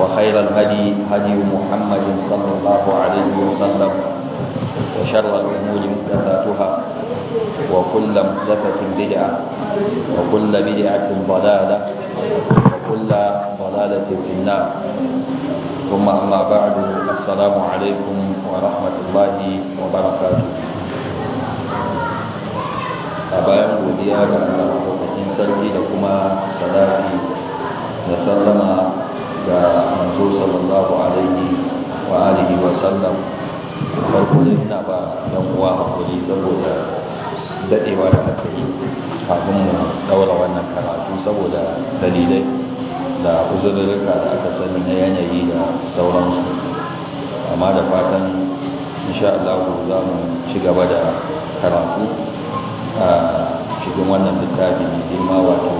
وخير الهدي هدي محمد صلى الله عليه وسلم وشر الأمور محدثاتها وكل محدثة بدعة وكل بدعة ضلالة وكل ضلالة في النار ثم أما بعد السلام عليكم ورحمة الله وبركاته أبان bayan godiya ga Allah لكما sarki da da manzo sallallahu alaihi wa alihi wa sallam farko ne ina ba yan uwa hakuri saboda daɗewa da aka yi kafin mu daura wannan karatu saboda dalilai da uzurrika da aka sani na yanayi da sauransu amma da fatan insha Allah za mu ci gaba da karatu a cikin wannan littafi girma wato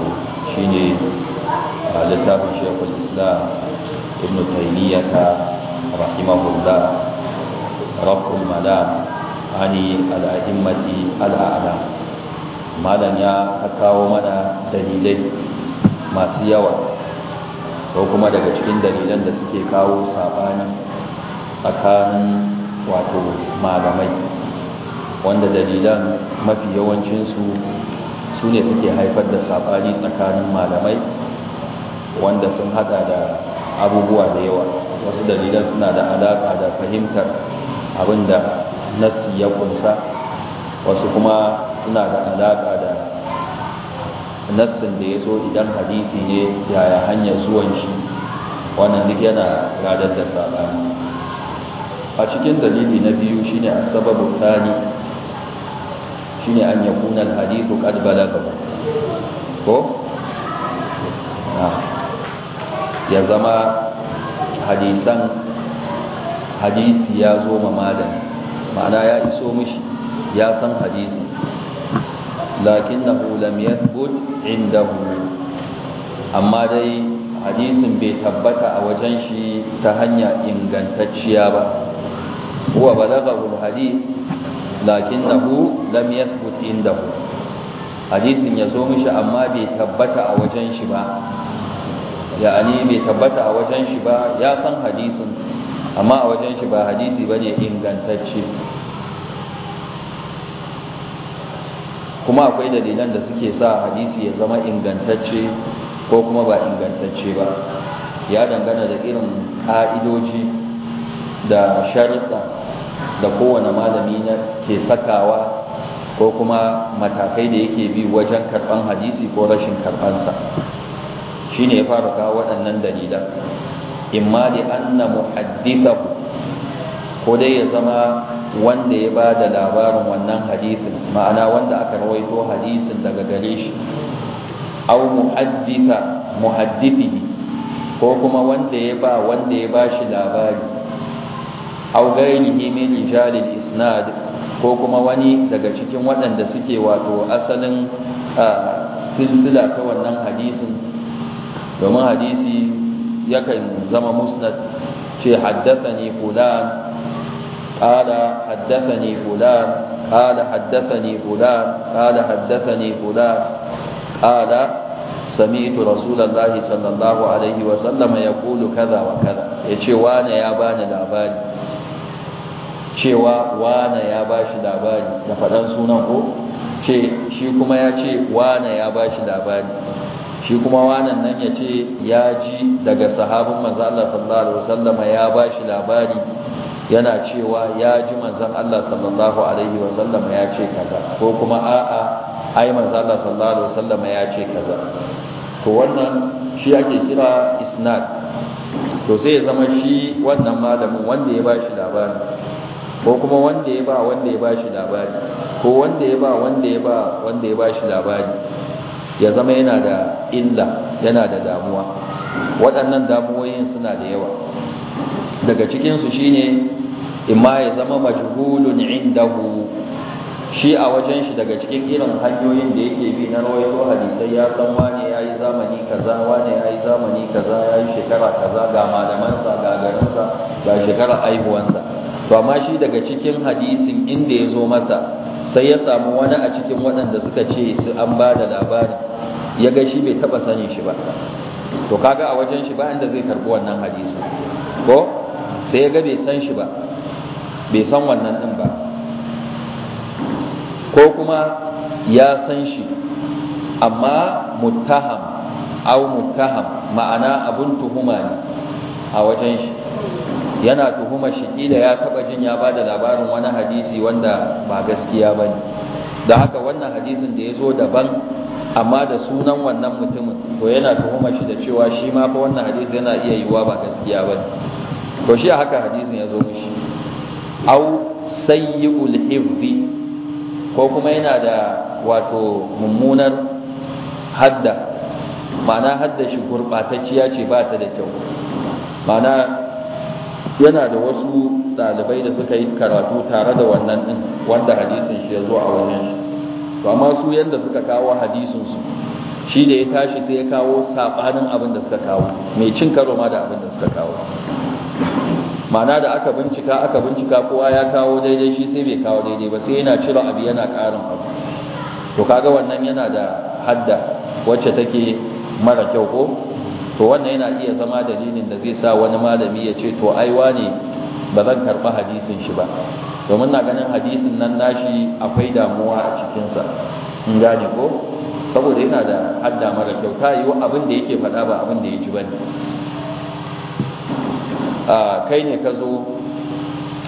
shine a littafin shekul islam ibn ta rahimahullah rabbul malam ani al'ahimmati al'ala malam ya kawo mana dalilai masu yawa ko kuma daga cikin dalilan da suke kawo sabani tsakanin wato malamai wanda dalilan mafi yawancinsu su ne suke haifar da sabani tsakanin malamai wanda sun hada da abubuwa da yawa wasu dalilan suna da alaka da fahimtar abin da nassi ya kunsa wasu kuma suna da alaka da nasin da ya so idan hadisi ne yaya hanyar zuwan shi wannan duk yana radar da sabani a cikin dalili na biyu shine asbabu tani shine an yakunan hadithu kad balagha ko ah ya zama hadisan hadisi ya zo ma malami ma'ana ya iso mishi ya san hadisi lakinnahu lam yathbut indahu amma dai hadisin bai tabbata a wajen shi ta hanya ingantacciya ba huwa balaghahu alhadith lakinnahu lam yathbut indahu hadisin ya zo mishi amma bai tabbata a wajen shi ba ya'ani bai tabbata a wajen shi ba ya san hadisin amma a wajen shi ba hadisi ba ingantacce kuma akwai dalilan da suke sa hadisi ya zama ingantacce ko kuma ba ingantacce ba ya dangana da irin ka'idoji da sharuɗa da kowane malami na ke sakawa ko kuma matakai da yake bi wajen karɓan hadisi ko rashin karɓansa shine ya fara kawo waɗannan dalilan imma li anna muhaddithahu ko dai ya zama wanda ya ba da labarin wannan hadisin ma'ana wanda aka rawaito hadisin daga gare shi aw muhadditha muhaddithihi ko kuma wanda ya ba wanda ya ba shi labari aw gairihi min rijalil isnad ko kuma wani daga cikin waɗanda suke wato asalin ah, silsila ta wannan hadisin domin hadisi yakan zama musnad ce haddathani fulan qala haddathani fulan qala haddathani fulan qala haddathani fulan qala sami'tu rasulullahi sallallahu alaihi wa sallama yaqulu kaza wa kaza yace wane ya bani labari cewa wane ya bashi labari da fadan sunan ko ce shi kuma ya ce wane ya bashi labari shi kuma wannan nan ya ce ya ji daga sahabin manzo Allah sallallahu alaihi wasallam ya shi labari yana cewa ya ji manzon Allah sallallahu alaihi wasallam ya ce kaza ko kuma a'a ai manzo Allah sallallahu alaihi wasallam ya ce kaza to wannan shi ake kira isnad to sai ya zama shi wannan malamin wanda ya ba shi labari ko kuma wanda ya ba wanda ya ba shi labari ko wanda ya ba wanda ya ba wanda ya ba shi labari ya zama yana da illa yana da damuwa waɗannan damuwoyin suna da yawa daga cikinsu shine imma ya zama majhulun indahu shi a wajen shi daga cikin irin hanyoyin da yake bi na rawaito hadisai ya san wane ya yi zamani kaza wane ya yi zamani kaza ya yi shekara kaza ga malamansa ga garinsa ga shekara aihuwansa to amma shi daga cikin hadisin inda ya zo masa sai ya samu wani a cikin waɗanda suka ce su an ba da labari ya ga shi bai taɓa sani shi ba to kaga a wajen shi ba inda zai karɓi wannan hadisi ko sai ya ga bai san shi ba bai san wannan ɗin ba ko kuma ya san shi amma muttaham au muttaham ma'ana abun tuhuma ne a wajen shi yana tuhumar shi kila ya taba jin ya bada labarin wani hadisi wanda ba gaskiya bane da haka wannan hadisin da ya zo daban amma da sunan wannan mutumin to yana tuhumar shi da cewa shi ma fa wannan hadisi yana iya yiwuwa ba gaskiya bane to shi haka hadisin ya mishi au sayyi'ul hifzi ko kuma yana da wato mummunar hadda ma'ana hadda shi gurbatacciya ce ba ta da kyau ma'ana yana da wasu ɗalibai da suka yi karatu tare da wannan din wanda hadisin shi ya zo a wannan to amma su yanda suka kawo hadisin su shi da ya tashi sai ya kawo saɓanin abin da suka kawo mai cin karo ma da abin da suka kawo ma'ana da aka bincika aka bincika kowa ya kawo daidai shi sai bai kawo daidai ba sai yana cire abu yana karin abu to kaga wannan yana da hadda wacce take mara kyau ko to wannan yana iya zama dalilin da zai sa wani malami ya ce to ai wane ba zan karɓi hadisin shi ba domin na ganin hadisin nan nashi akwai damuwa a cikinsa in gane ko saboda yana da hadda mara kyau ta yi abin da yake faɗa ba abin da ya ji ba ne kai ne ka zo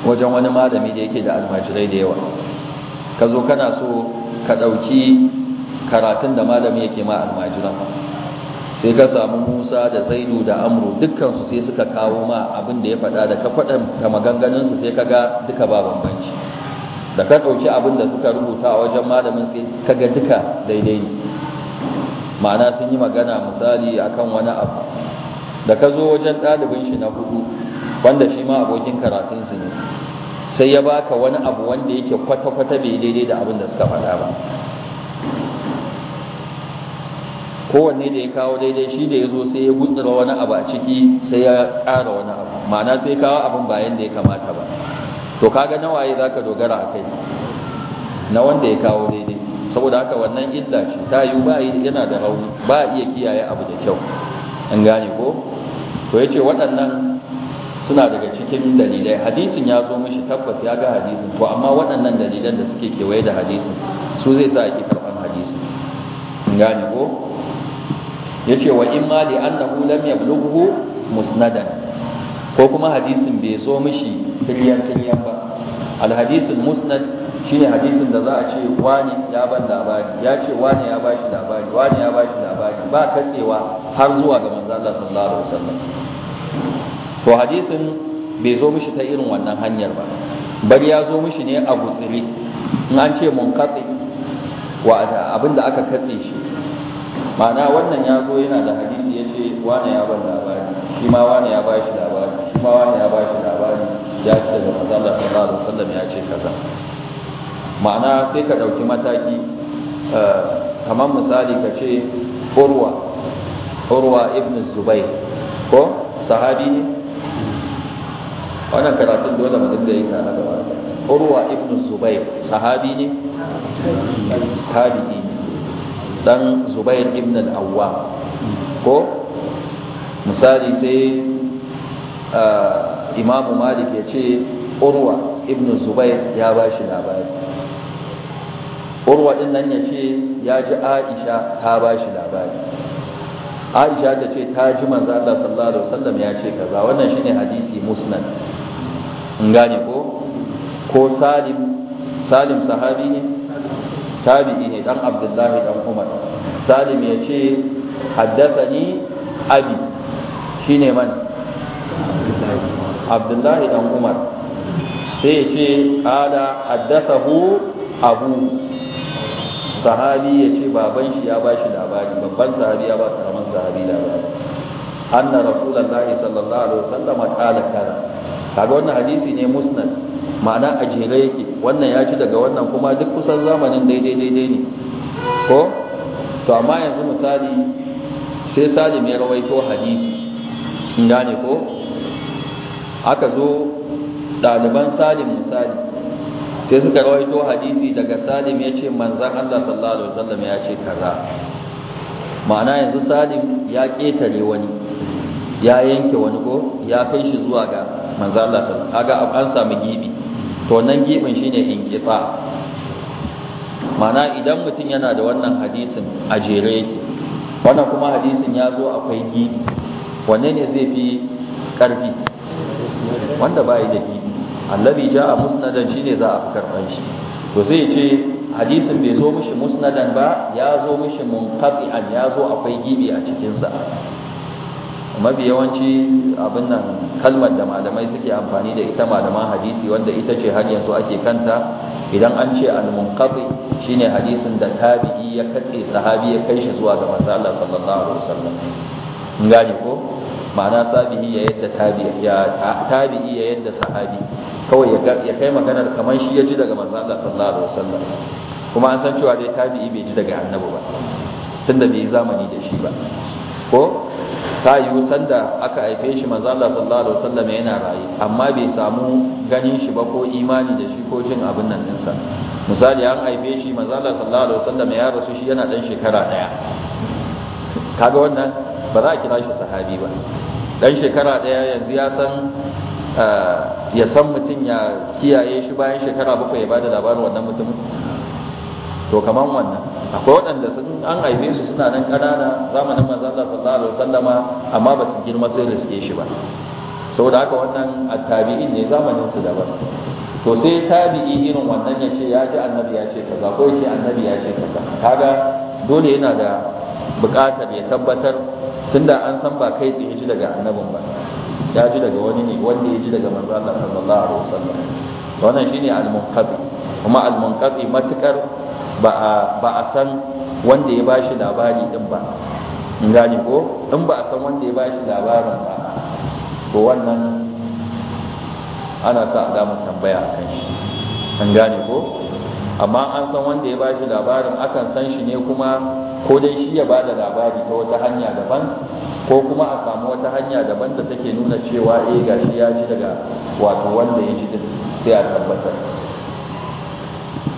wajen wani malami da yake da almajirai da yawa ka zo kana so ka ɗauki karatun da malami yake ma almajiran sai ka samu Musa da Zaidu da Amru dukkansu sai suka kawo ma abin da ya faɗa da ka faɗa ta maganganun su sai ga duka ba bambanci da ka ɗauki abin da suka rubuta a wajen malamin sai ka ga duka daidai ne ma'ana sun yi magana misali akan wani abu da ka zo wajen ɗalibin shi na hudu wanda shi ma abokin karatun su ne sai ya baka wani abu wanda yake kwata-kwata bai daidai da abin da suka faɗa ba kowanne da ya kawo daidai shi da ya zo sai ya gutsura wani abu a ciki sai ya ƙara wani abu ma'ana sai kawo abin bayan da ya kamata ba to kaga nawaye za ka dogara a kai na wanda ya kawo daidai saboda haka wannan illa ce ta yi ba yana da rauni ba iya kiyaye abu da kyau an gane ko to ce waɗannan suna daga cikin dalilai hadisin ya zo mishi tabbas ya ga hadisin Ko amma waɗannan dalilan da suke kewaye da hadisin su zai sa ake karɓan hadisin an gane ko Ya ce wa imma li annahu lam yablughu musnadan ko kuma hadisin bai zo mishi tiryan tiryan ba al hadisul musnad shine hadisin da za a ce wani ya ban labari ya ce wani ya bashi labari wani ya bashi labari ba katsewa har zuwa ga manzo Allah sallallahu alaihi wasallam to hadisin bai zo mishi ta irin wannan hanyar ba bari ya zo mishi ne a gutsiri. in an ce mun katse wa abinda aka katse shi ma'ana wannan ya zo yana da hadisi ya ce wane ya ban labari shi ma wane ya ba shi labari shi ma wane ya ba shi labari ya ce da manzo da sallallahu sallam ya ce kaza ma'ana sai ka ɗauki mataki eh, kamar misali ka ce urwa urwa ibn zubai ko sahabi ne wannan karatun dole mu dinga yin kana gaba urwa ibn zubai sahabi ne tabi'i ne dan zubair ibn al-awwa ko misali sai ah, imamu malik ya ce urwa ibn zubair ya ba shi labari urwa din nan ya ce ya ji aisha ta ba shi labari aisha ta ce ta ji manzo Allah sallallahu alaihi wasallam ya ce kaza wannan shine hadisi musnad in gane ko ko salim salim sahabi ne tabi'i ne dan abdullahi dan umar salim ya ce haddathani abi shine man abdullahi dan umar sai ya ce ala haddathahu abu sahabi ya ce baban shi ya bashi labari babban sahabi ya ba karaman sahabi labari anna rasulullahi sallallahu alaihi wasallam qala kaza kaga wannan hadisi ne musnad ma'ana a jere yake wannan ya ci daga wannan kuma duk kusan zamanin daidai daidai ne ko to amma yanzu misali sai salim ya rawaito hadisi in gane ko aka zo ɗaliban salim misali sai suka rawaito hadisi daga salim ya ce manzan allah sallallahu alaihi wasallam ya ce kaza ma'ana yanzu salim ya ƙetare wani ya yanke wani ko ya kai shi zuwa ga manzan allah sallallahu alaihi wasallam an samu gibi to nan gefen shine inqita mana idan mutum yana da wannan hadisin a jere wannan kuma hadisin ya zo akwai gibi wanne ne zai fi karfi wanda bai da gibi allabi ja a musnadan shine za a fi karban shi to sai ya ce hadisin bai zo mishi musnadan ba ya zo mishi munqati'an ya zo akwai gibi a cikin sa mafi yawanci abin nan kalmar da malamai suke amfani da ita malaman hadisi wanda ita ce har yanzu ake kanta idan an ce al-munqati shine hadisin da tabi'i ya katse sahabi ya kai shi zuwa ga manzo Allah sallallahu alaihi wasallam ngani ko ma'ana sahabi ya yadda tabi'i ya tabi'i ya yadda sahabi kawai ya kai maganar kamar shi ya ji daga manzo Allah sallallahu alaihi wasallam kuma an san cewa dai tabi'i bai ji daga annabi ba tunda bai zamani da shi ba ko ta yi da aka haife shi mazala sallallahu alaihi wasallam yana rayi amma bai samu ganin shi ba ko imani da shi ko jin abin nan dinsa misali an haife shi mazala sallallahu alaihi wasallam ya rasu shi yana dan shekara daya kaga wannan ba za a kira shi sahabi ba dan shekara daya yanzu ya san ah, ya san mutum ya kiyaye shi bayan shekara bakwai ya bada labarin wannan mutumin to kaman wannan akwai waɗanda sun an haife su suna nan ƙanana zamanin manzo Allah sallallahu alaihi wasallama amma ba su girma sai riske shi ba saboda haka wannan attabi'in ne zamanin su daban to sai tabi'i irin wannan ya ce ya ji annabi ya ce kaza ko ya ce annabi ya ce kaza kaga dole yana da buƙatar ya tabbatar tunda an san ba kai tsaye ji daga annabin ba ya ji daga wani ne wanda ya ji daga manzo Allah sallallahu alaihi wasallam wannan shine al-munqadi kuma al-munqati matukar ba a san wanda ya bashi labari din ba in gane ko in ba a san wanda ya bashi labarin ba to wannan ana sa alamar tambaya a kan shi an gane ko amma an san wanda ya bashi labarin akan san shi ne kuma ko dai shi ya bada labari ta wata hanya daban ko kuma a samu wata hanya daban da take nuna cewa eh gashi ya ji daga wato wanda ya ji sai a tabbatar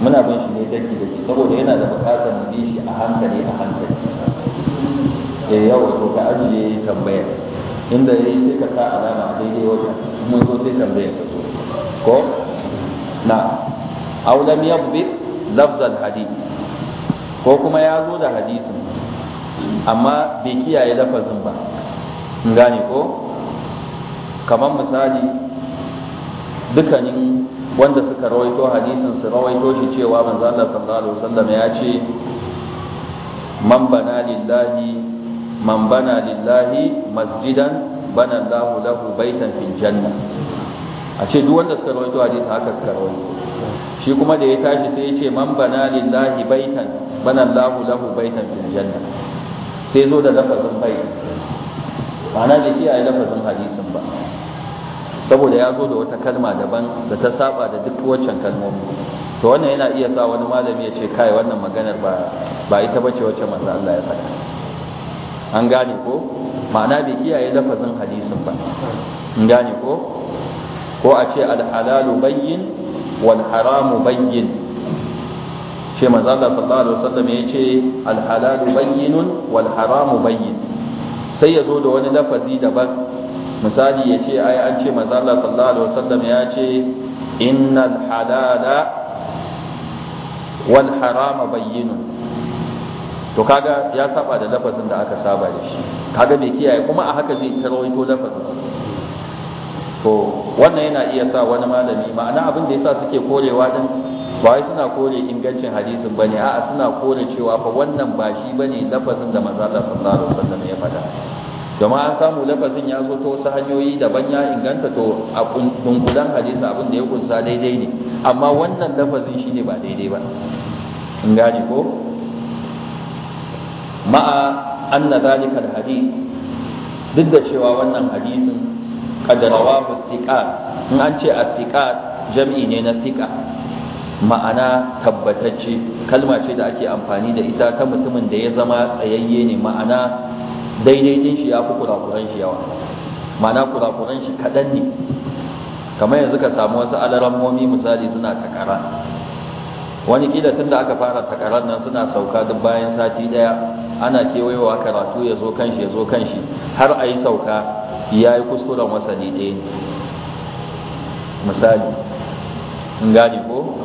muna bin shi ne daki daki saboda yana da bukatar mu shi a hankali a hankali eh yawa to ka ajiye tambayar inda ya yi sai ka sa alama a daidai wajen mun zo sai tambayar ka ko na aulam ya bi lafzal hadith ko kuma ya zo da hadisin amma bai kiyaye lafazin ba in gane ko kamar misali dukkanin wanda suka rawaito hadisin su rawaito shi cewa manzo Allah sallallahu alaihi wasallam ya ce man bana lillahi man bana lillahi masjidan bana Allahu lahu baitan fil janna a ce duk wanda suka rawaito hadisin haka suka rawaito shi kuma da ya tashi sai ya ce man bana lillahi baitan bana Allahu lahu baitan fil janna sai zo da lafazin bai Ba na da kiyaye lafazin hadisin ba saboda ya zo da wata kalma daban da ta saba da duk waccan kalmomi to wannan yana iya sa wani malami ya ce kai wannan maganar ba ba ita bace wacce manzo Allah ya faɗa an gane ko ma'ana bai kiyaye lafazin hadisin ba an gane ko ko a ce al-halalu bayyin wal haramu bayyin ce manzo Allah sallallahu alaihi wasallam ya ce al-halalu bayyinun wal haramu bayyin sai ya zo da wani lafazi daban misali ya ce ai an ce mazala sallallahu alaihi wasallam ya ce innal halala wal harama bayyinu to kaga ya saba da lafazin da aka saba da shi kaga bai kiyaye kuma a haka zai tarwaito lafazin to wannan yana iya sa wani malami ma'ana abin da yasa suke korewa din ba wai suna kore ingancin hadisin bane a'a suna kore cewa fa wannan ba shi bane lafazin da manzo Allah sallallahu alaihi wasallam ya faɗa domin an samu lafazin ya zo ta wasu hanyoyi daban ya inganta to a kunkudan hadisi abin da ya kunsa daidai ne amma wannan lafazin shi ne ba daidai ba in gane ko ma'a an na zalikar hadith duk da cewa wannan hadisin qad ba in an ce athiqat jam'i ne na tika ma'ana tabbatacce kalma ce da ake amfani da ita ta mutumin da ya zama tsayayye ne ma'ana daidai din shi ya fi kurakuran shi yawa mana kurakuran shi kaɗan ne kamar yanzu ka samu wasu momi, misali suna takara wani kila tun da aka fara takarar nan suna sauka duk bayan sati ɗaya ana kewayewa karatu ya zo kanshi ya zo shi har a yi sauka ya yi kuskuren wasanni ɗaya misali in gani ko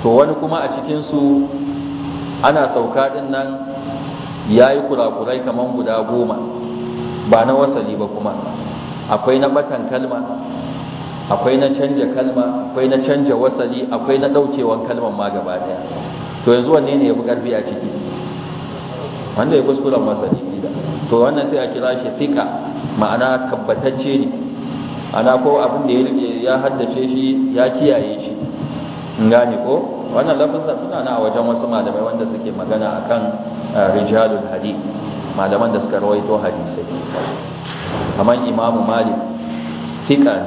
to wani kuma a cikinsu ana sauka ɗin nan ya yi kurakurai kamar guda goma ba na wasali ba kuma akwai na batan kalma akwai na canja kalma akwai na canja wasali akwai na daukewan kalman ma gaba ɗaya to yanzu wanne ne ya fi ƙarfi a ciki wanda ya kuskuren wasali gida to wannan sai a kira shi fika ma'ana tabbatacce ne ana ko abin da ya haddace shi ya kiyaye shi in gane ko wannan lafinsa suna na wajen wasu malamai wanda suke magana akan Eh, rijalul hadith malaman da suka rawaito hadisai kamar imamu malik fiqa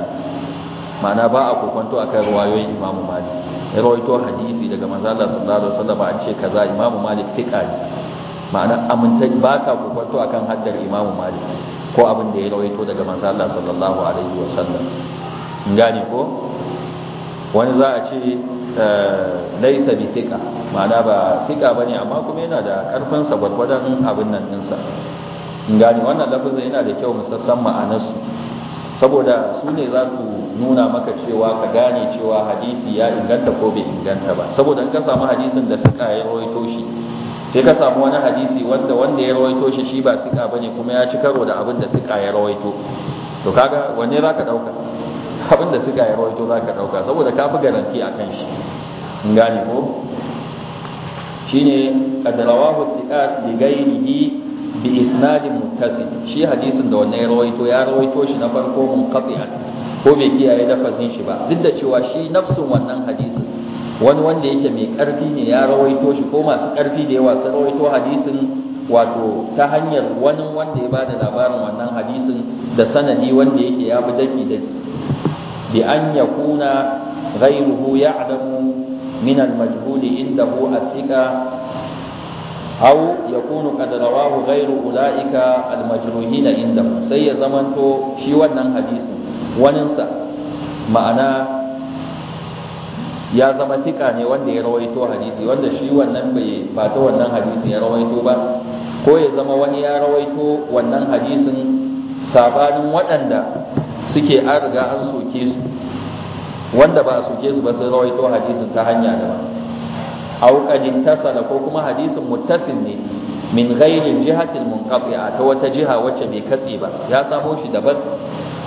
ma'ana ba a kokonto akan ruwayoyin imamu malik ya rawaito hadisi daga manzo Allah sallallahu alaihi wasallam an ce kaza imamu malik fiqa ma'ana aminta ba ka kokonto akan haddar imamu malik ko abin da ya rawaito daga manzo Allah sallallahu alaihi wasallam gane ko wani za a ce Eh, laisa bi tika ma'ana ba tika bane amma kuma yana da karfin sa abin nan dinsa gani wannan lafazin yana da kyau musassan ma'anarsu saboda su ne za su nuna maka cewa ka gane cewa hadisi ya inganta ko bai inganta ba saboda in ka samu hadisin da suka ya rawaito shi sai ka samu wani hadisi wanda wanda ya rawaito shi shi ba suka bane kuma ya ci karo da abin da suka ya rawaito to kaga wanne za ka ɗauka abin da suka yi rawaito za ka ɗauka saboda ka fi garanti a kan shi in gane ko shi ne ƙadarawa hutsiƙa da gairihi bi isnadin mutasi shi hadisin da wannan ya rawaito ya rawaito shi na farko mun qati'an ko mai kiyaye fasin shi ba duk da cewa shi nafsin wannan hadisin wani wanda yake mai ƙarfi ne ya rawaito shi ko masu ƙarfi da yawa sun rawaito hadisin wato ta hanyar wani wanda ya bada labarin wannan hadisin da sanadi wanda yake ya bi daki daki bi an yakuna ghayruhu ya'lamu min al-majhul indahu athika aw yakunu qad rawahu ghayru ulaika al-majruhin indahu sai ya to shi wannan hadisin sa, ma'ana ya zama tika ne wanda ya rawaito hadisi wanda shi wannan bai ba ta wannan hadisin ya rawaito ba ko ya zama wani ya rawaito wannan hadisin sabanin waɗanda suke an riga an soke su wanda ba a soke su ba sun rawaito hadisin ta hanya da ba au tasala ko kuma hadisin muttasil ne min ghairi jihatil munqati'a ta wata jiha wacce bai katse ba ya samo shi daban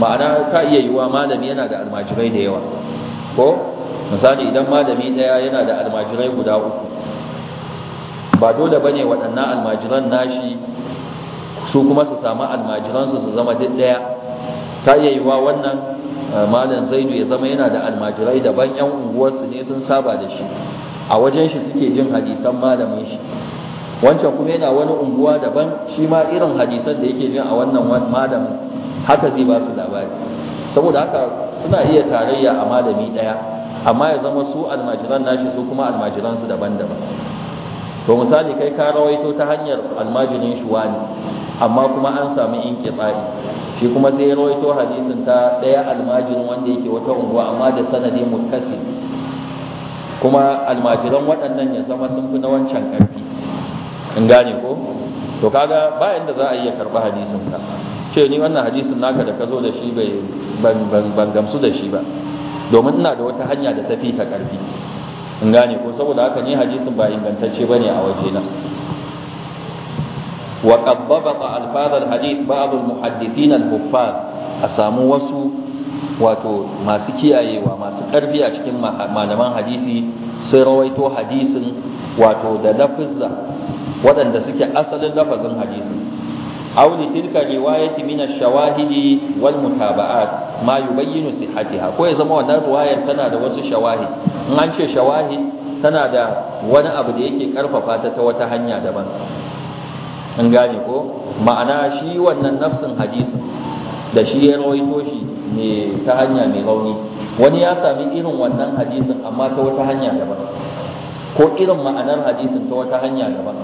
ma'ana ka iya yiwuwa malami yana da almajirai da yawa ko misali idan malami daya yana da almajirai guda uku ba dole bane waɗannan almajiran nashi su kuma su samu almajiransu su zama duk daya ta iya yiwa wannan eh, malam zaidu ya zama yana da almajirai daban yan unguwarsu ne sun saba da shi a wajen shi suke jin hadisan malamin shi wancan kuma yana wani unguwa daban shi ma irin hadisan da yake jin a wannan malamin haka zai ba su labari saboda haka suna iya tarayya a malami ɗaya amma ya zama su almajiran nashi su kuma almajiran su daban-daban to misali kai ka rawaito ta hanyar almajirin shuwani amma kuma an samu tsari. shi kuma sai rawaito hadisin ta ɗaya almajirin wanda yake wata unguwa amma da sanadi mutkasi kuma almajiran waɗannan ya zama sun fi na wancan ƙarfi in gane ko to kaga bayan da za a iya karɓi hadisin ka ce ni wannan hadisin naka da ka zo da shi bai ban gamsu da shi ba domin ina da wata hanya da fi ta ƙarfi in gane ko saboda haka ni hadisin ba ingantacce bane a waje na وقد ضبط الفاظ الحديث بعض المحدثين الحفاظ اسامو وسو wato masu kiyayewa masu karfi a cikin malaman hadisi sai rawaito hadisin wato da lafizza waɗanda suke asalin lafazin hadisin aw li tilka riwayati min ash-shawahidi wal mayu ma yubayyinu sihhatiha ko ya zama wannan riwayar tana da wasu shawahid in an ce shawahid tana da wani abu da yake ƙarfafa ta ta wata hanya daban an gane ko ma'ana shi wannan nafsin hadisi da shi ya rawaito shi ne ta hanya mai rauni wani ya sami irin wannan hadisin amma ta wata hanya daban ko irin ma'anar hadisin ta wata hanya daban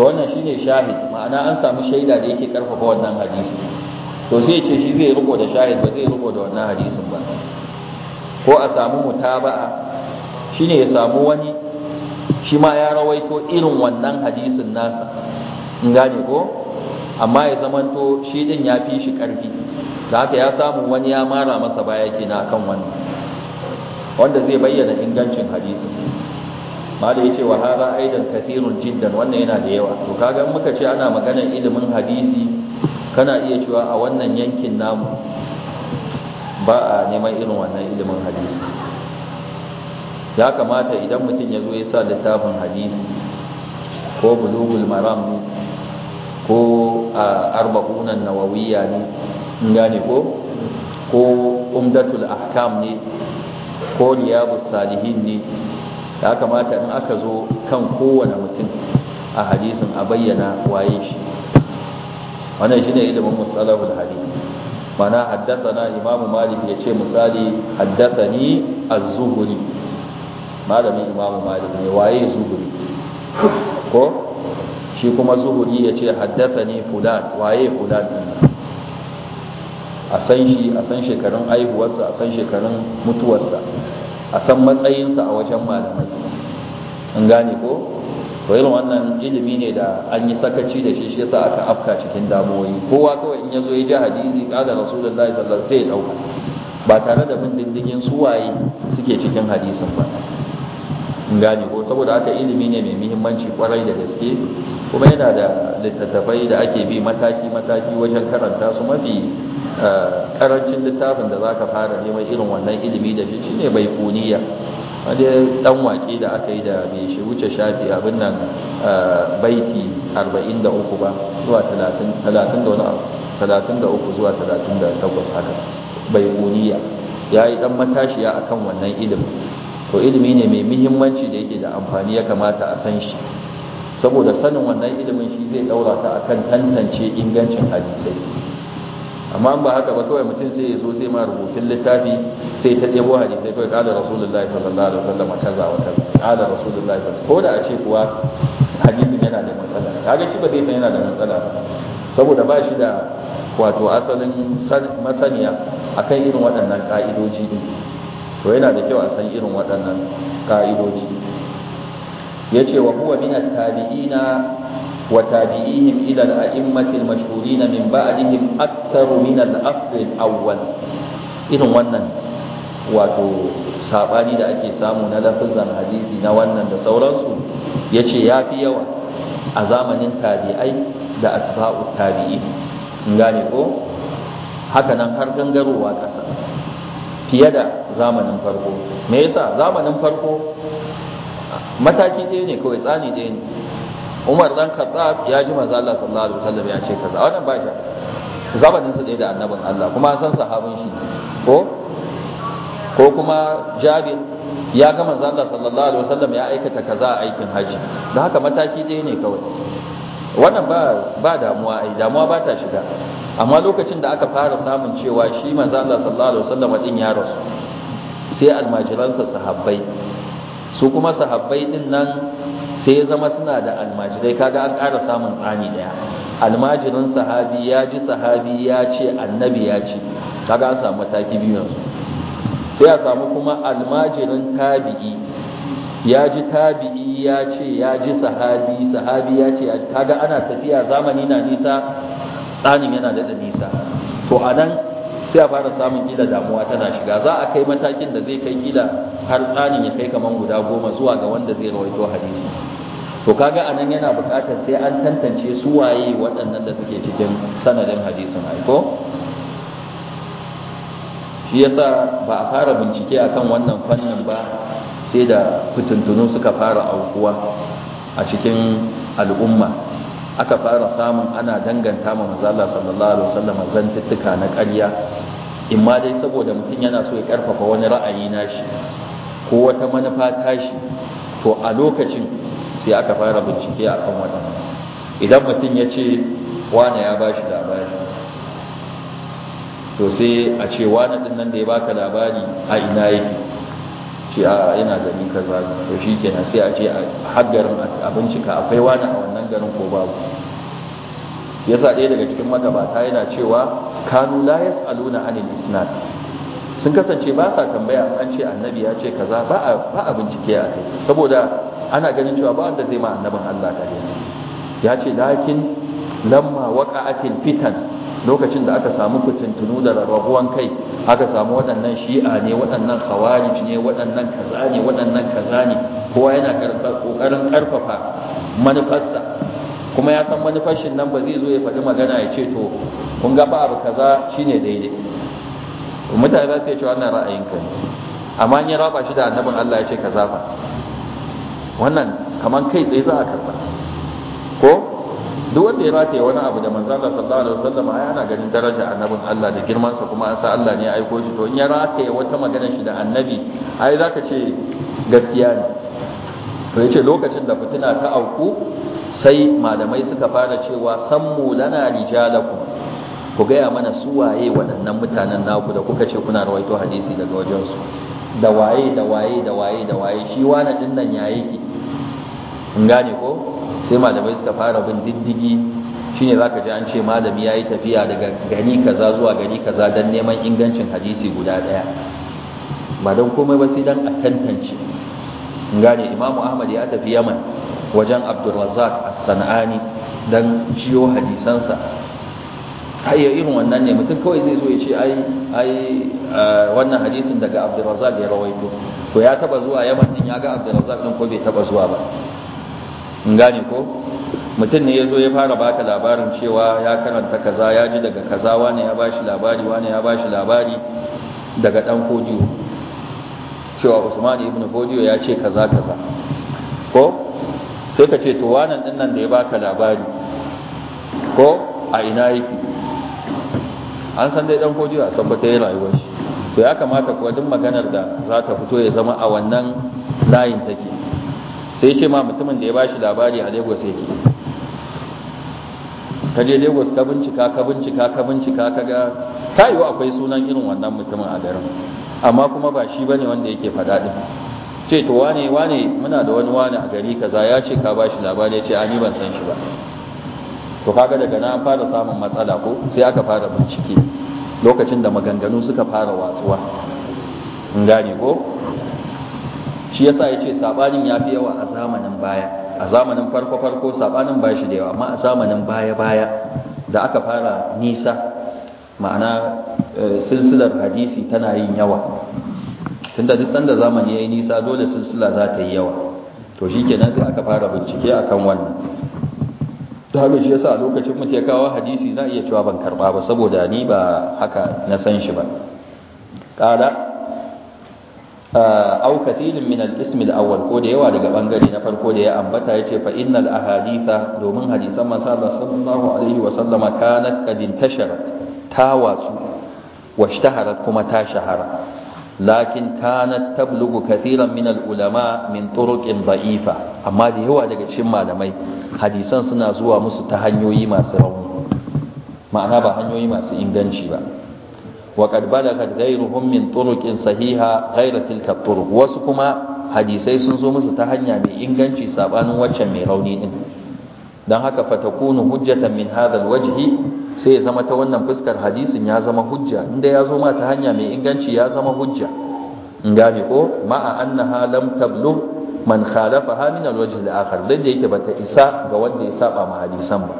to wannan shine shahid ma'ana an samu shaida da yake karfafa wannan hadisi to sai ce shi zai riko da shahid ba zai riko da wannan hadisin ba ko a samu mutaba'a shine ya samu wani shi ma ya rawaito irin wannan hadisin nasa in gane ko amma ya zamanto shi din ya fi shi ƙarfi da haka ya samu wani ya mara masa baya na kan wannan wanda zai bayyana ingancin hadisin ma da yace wa hada aidan kathirun jiddan wannan yana da yawa to kaga muka ce ana maganar ilimin hadisi kana iya cewa a wannan yankin namu ba a neman irin wannan ilimin hadisi ya kamata idan mutum ya zo ya sa littafin hadisi ko bulugul maram ko a arba'unan nawawiya ne in gane ko ko umdatul ahkam ne ko liyabus salihin ne ya kamata in aka zo kan kowane mutum a hadisin a bayyana waye shi wannan shine ilimin musalahul hadisi mana haddathana imamu malik ya yace misali ni az-zuhri malamin imamu malik ne waye zuhuri ko shi kuma zuhuri ya ce haddasa ne fulan waye fulan ɗin a san shi a san shekarun aihuwarsa a san shekarun mutuwarsa a san matsayinsa a wajen malamai an gane ko to irin wannan ilimi ne da an yi sakaci da shi shi aka afka cikin damuwoyi kowa kawai in yazo ya ji hadisi kada rasulullahi sallallahu alaihi wasallam sai ya dauka ba tare da bin diddigin suwaye suke cikin hadisin ba gane ko saboda haka ilimi ne mai muhimmanci kwarai da gaske kuma yana da littattafai da ake bi mataki mataki wajen karanta su mafi eh, karancin littafin da za ka fara neman irin wannan ilimi da shi shi ne bai kuniya wanda dan wake da aka yi da bai shi wuce shafi abin nan eh, baiti 43 ba zuwa 33 zuwa 38 haka bai kuniya yi dan matashiya akan wannan ilimin to ilimi ne mai muhimmanci da yake da amfani ya kamata a san shi saboda sanin wannan ilimin shi zai daura ta akan tantance ingancin hadisai amma ba haka ba kawai mutum sai ya so sai ma rubutun littafi sai ta ɗebo hadisai kawai kada rasulullahi sallallahu alaihi wasallam kaza wa kaza ƙala rasulullahi sallallahu ko da a ce kuwa hadisin yana da matsala kaga shi ba zai san yana da matsala saboda ba shi da wato asalin masaniya akan irin waɗannan ƙa'idoji to yana da kyau a san irin waɗannan ƙa'idodi ya ce wa huwa min tabi'ina wa tabi'ihim ila al-a'immati al min ba'dihim aktharu min al awwal irin wannan wato saɓani da ake samu na lafazan hadisi na wannan da sauransu yace fi yawa a zamanin tabi'ai da asba'u tabi'i gane ko haka nan har gangarowa ƙasa fiye da zamanin farko me yasa zamanin farko mataki ɗaya ne kawai tsani ɗaya ne Umar dan katsa ya ji manzo Allah sallallahu alaihi wasallam ya ce kaza wannan ba shi zamanin sa ɗaya da annabin Allah kuma san sahabin shi ko ko kuma Jabir ya ga manzo Allah sallallahu alaihi wasallam ya aikata kaza a aikin haji dan haka mataki ɗaya ne kawai wannan ba ba damuwa ai damuwa ba ta shiga amma lokacin da aka fara samun cewa shi manzo Allah sallallahu alaihi wasallam din ya rasu sai almajiransa sahabbai su kuma sahabbai din nan sai ya zama suna da almajirai kaga an ƙara samun tsani ɗaya almajirin sahabi ya ji sahabi ya ce annabi ya ce kaga an samu mataki biyu yanzu sai a samu kuma almajirin tabi'i ya ji tabi'i ya ce ya ji sahabi sahabi ya ce kaga ana tafiya zamani na nisa tsanin yana da nisa to anan sai a fara samun kila damuwa tana shiga za a kai matakin da zai kai kila har tsanin ya kai kaman guda goma zuwa ga wanda zai rawaito hadisi to kaga anan yana buƙatar sai an tantance su waye waɗannan da suke cikin sanadin hadisin ko shi yasa ba a fara bincike akan wannan fannin ba sai da fitintunu suka fara aukuwa a cikin al'umma aka fara samun ana danganta ma manzo Allah sallallahu alaihi wasallam zantuttuka na ƙarya in dai saboda mutum yana so ya karfafa wani ra'ayi nashi ko wata manufa tashi to a lokacin sai aka fara bincike a kan wannan idan mutum ya ce wane ya ba shi labari to sai a ce wane ɗin nan da ya baka labari a ina yake ce a yana garin kaza to shi sai a ce a haggarin a bincika akwai wani a wannan garin ko babu yasa ɗaya daga cikin magabata yana cewa kanu la yas'aluna anil isnad sun kasance ba sa tambaya an ce annabi ya ce kaza ba a bincike a kai saboda ana ganin cewa ba wanda zai ma annabin Allah kare ya ce lakin lamma waqa'atil fitan lokacin da aka samu kutuntunu da rarrabuwan kai aka samu waɗannan shi'a ne waɗannan khawarij ne waɗannan kaza ne waɗannan kaza ne kowa yana ƙoƙarin ƙarfafa manufarsa kuma ya san manufashin nan ba zai zo ya faɗi magana ya ce to kun ga ba abu kaza shine daidai mutane za su iya cewa wannan ka ne amma in ya raba shi da annabin Allah ya ce kaza ba wannan kamar kai tsaye za a karɓa ko duk wanda ya rataye wani abu da manzo Allah sallallahu alaihi wasallam ai ana ganin daraja annabin Allah da girman sa kuma an sa Allah ne ya aiko shi to in ya rataye wata magana shi da annabi ai zaka ce gaskiya ne to yace lokacin da fitina ta auku sai malamai suka fara cewa sammu lana rijalakum ku gaya mana su waye waɗannan mutanen naku da kuka ce kuna rawaito hadisi daga wajensu da waye da waye da waye da waye shi wani dinnan ya yake in gane ko sai malamai suka fara bin diddigi shine zaka ji an ce malami yayi tafiya daga gani kaza zuwa gani kaza dan neman ingancin hadisi guda daya ba dan komai ba sai dan a tantance gane imamu ahmad ya tafi yaman wajen abdulrazzaq as-sanani dan ciyo hadisansa ta iya irin wannan ne mutum kawai zai zo ya ce ai ai eh, wannan hadisin daga abdulrazzaq ya rawaito to ya taba zuwa yaman din ya ga abdulrazzaq din ko bai taba zuwa ba in gane ko mutum ne ya zo ya fara baka labarin cewa ya karanta kaza ya ji daga kaza wane ya bashi labari wane ya bashi labari daga dan kodiyo cewa usman ibn kodiyo ya ce kaza kaza ko sai ka ce to wannan din nan da ya baka labari ko a ina yake an san dai dan kodiyo a san ba ta yi rayuwar shi to ya kamata kuwa duk maganar da za ta fito ya zama a wannan layin take sai ce ma mutumin da ya bashi labari a lagos yake ka je lagos ka bincika ka bincika ka bincika ka ga ta akwai sunan irin wannan mutumin a garin amma kuma ba shi bane wanda yake faɗa din ce to wane wane muna da wani wane a gari kaza ya ce ka bashi labari ya ce a ban san shi ba to kaga daga na an fara samun matsala ko sai aka fara bincike lokacin da maganganu suka fara watsuwa in gane ko shi yasa yace sabanin yafi yawa a zamanin baya a zamanin farko farko sabanin ba shi da yawa amma a zamanin baya baya da aka fara nisa ma'ana eh, silsilar hadisi tana yin yawa tunda duk sanda zamani yayi nisa dole silsila za ta yi yawa to shikenan sai aka fara bincike akan wannan to haka shi yasa a lokacin muke kawo hadisi za iya cewa ban karba ba saboda ni ba haka na san shi ba ƙara aw kathilin min al-ism al ko da yawa daga bangare na farko da ya ambata yace fa innal ahaditha domin hadisan manzo sallallahu alaihi wa sallama kanat qad intasharat ta watsu washtaharat kuma ta shahara lakin kanat tablugu kathiran min ulama min turuqin da'ifa amma da yawa daga cikin malamai hadisan suna zuwa musu ta hanyoyi masu rauni ma'ana ba hanyoyi masu inganci ba وقد tilka غيرهم Wasu kuma hadisai sun zo musu ta hanya mai inganci saɓanin waccan mai rauni ɗin dan haka fatakunu hujjata min hadha wajihi, sai ya zama ta wannan fuskar hadisin ya zama hujja inda ya zo ma ta hanya mai inganci ya zama hujja in gane ko ma'a annaha lam tablu man khalafaha min alwajhi alakhar dan da yake bata isa ga wanda ya saba ma hadisan ba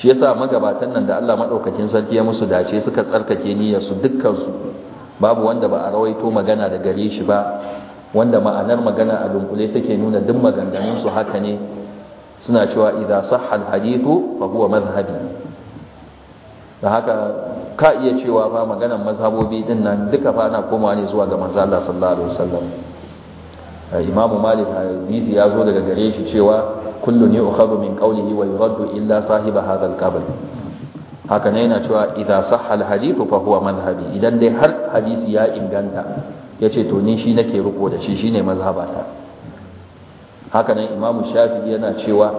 shi yasa magabatan nan da Allah madaukakin sarki ya musu dace suka tsarkake niyyar su dukkan su babu wanda ba a rawaito magana da gare shi ba wanda ma'anar magana a dunkule take nuna duk maganganun su haka ne suna cewa idza sahha alhadithu fa huwa madhhabi da haka ka iya cewa fa maganar mazhabobi din nan duka fa na komawa ne zuwa ga manzo Allah sallallahu alaihi wasallam imamu malik hadisi ya zo daga gare shi cewa kullu ni ukhadhu min qawlihi wa yuraddu illa sahiba hadha al haka ne yana cewa idza sahha al-hadith fa huwa madhhabi idan dai har hadisi ya inganta yace to ni shi nake riko da shi shine mazhabata haka nan imamu shafi'i yana cewa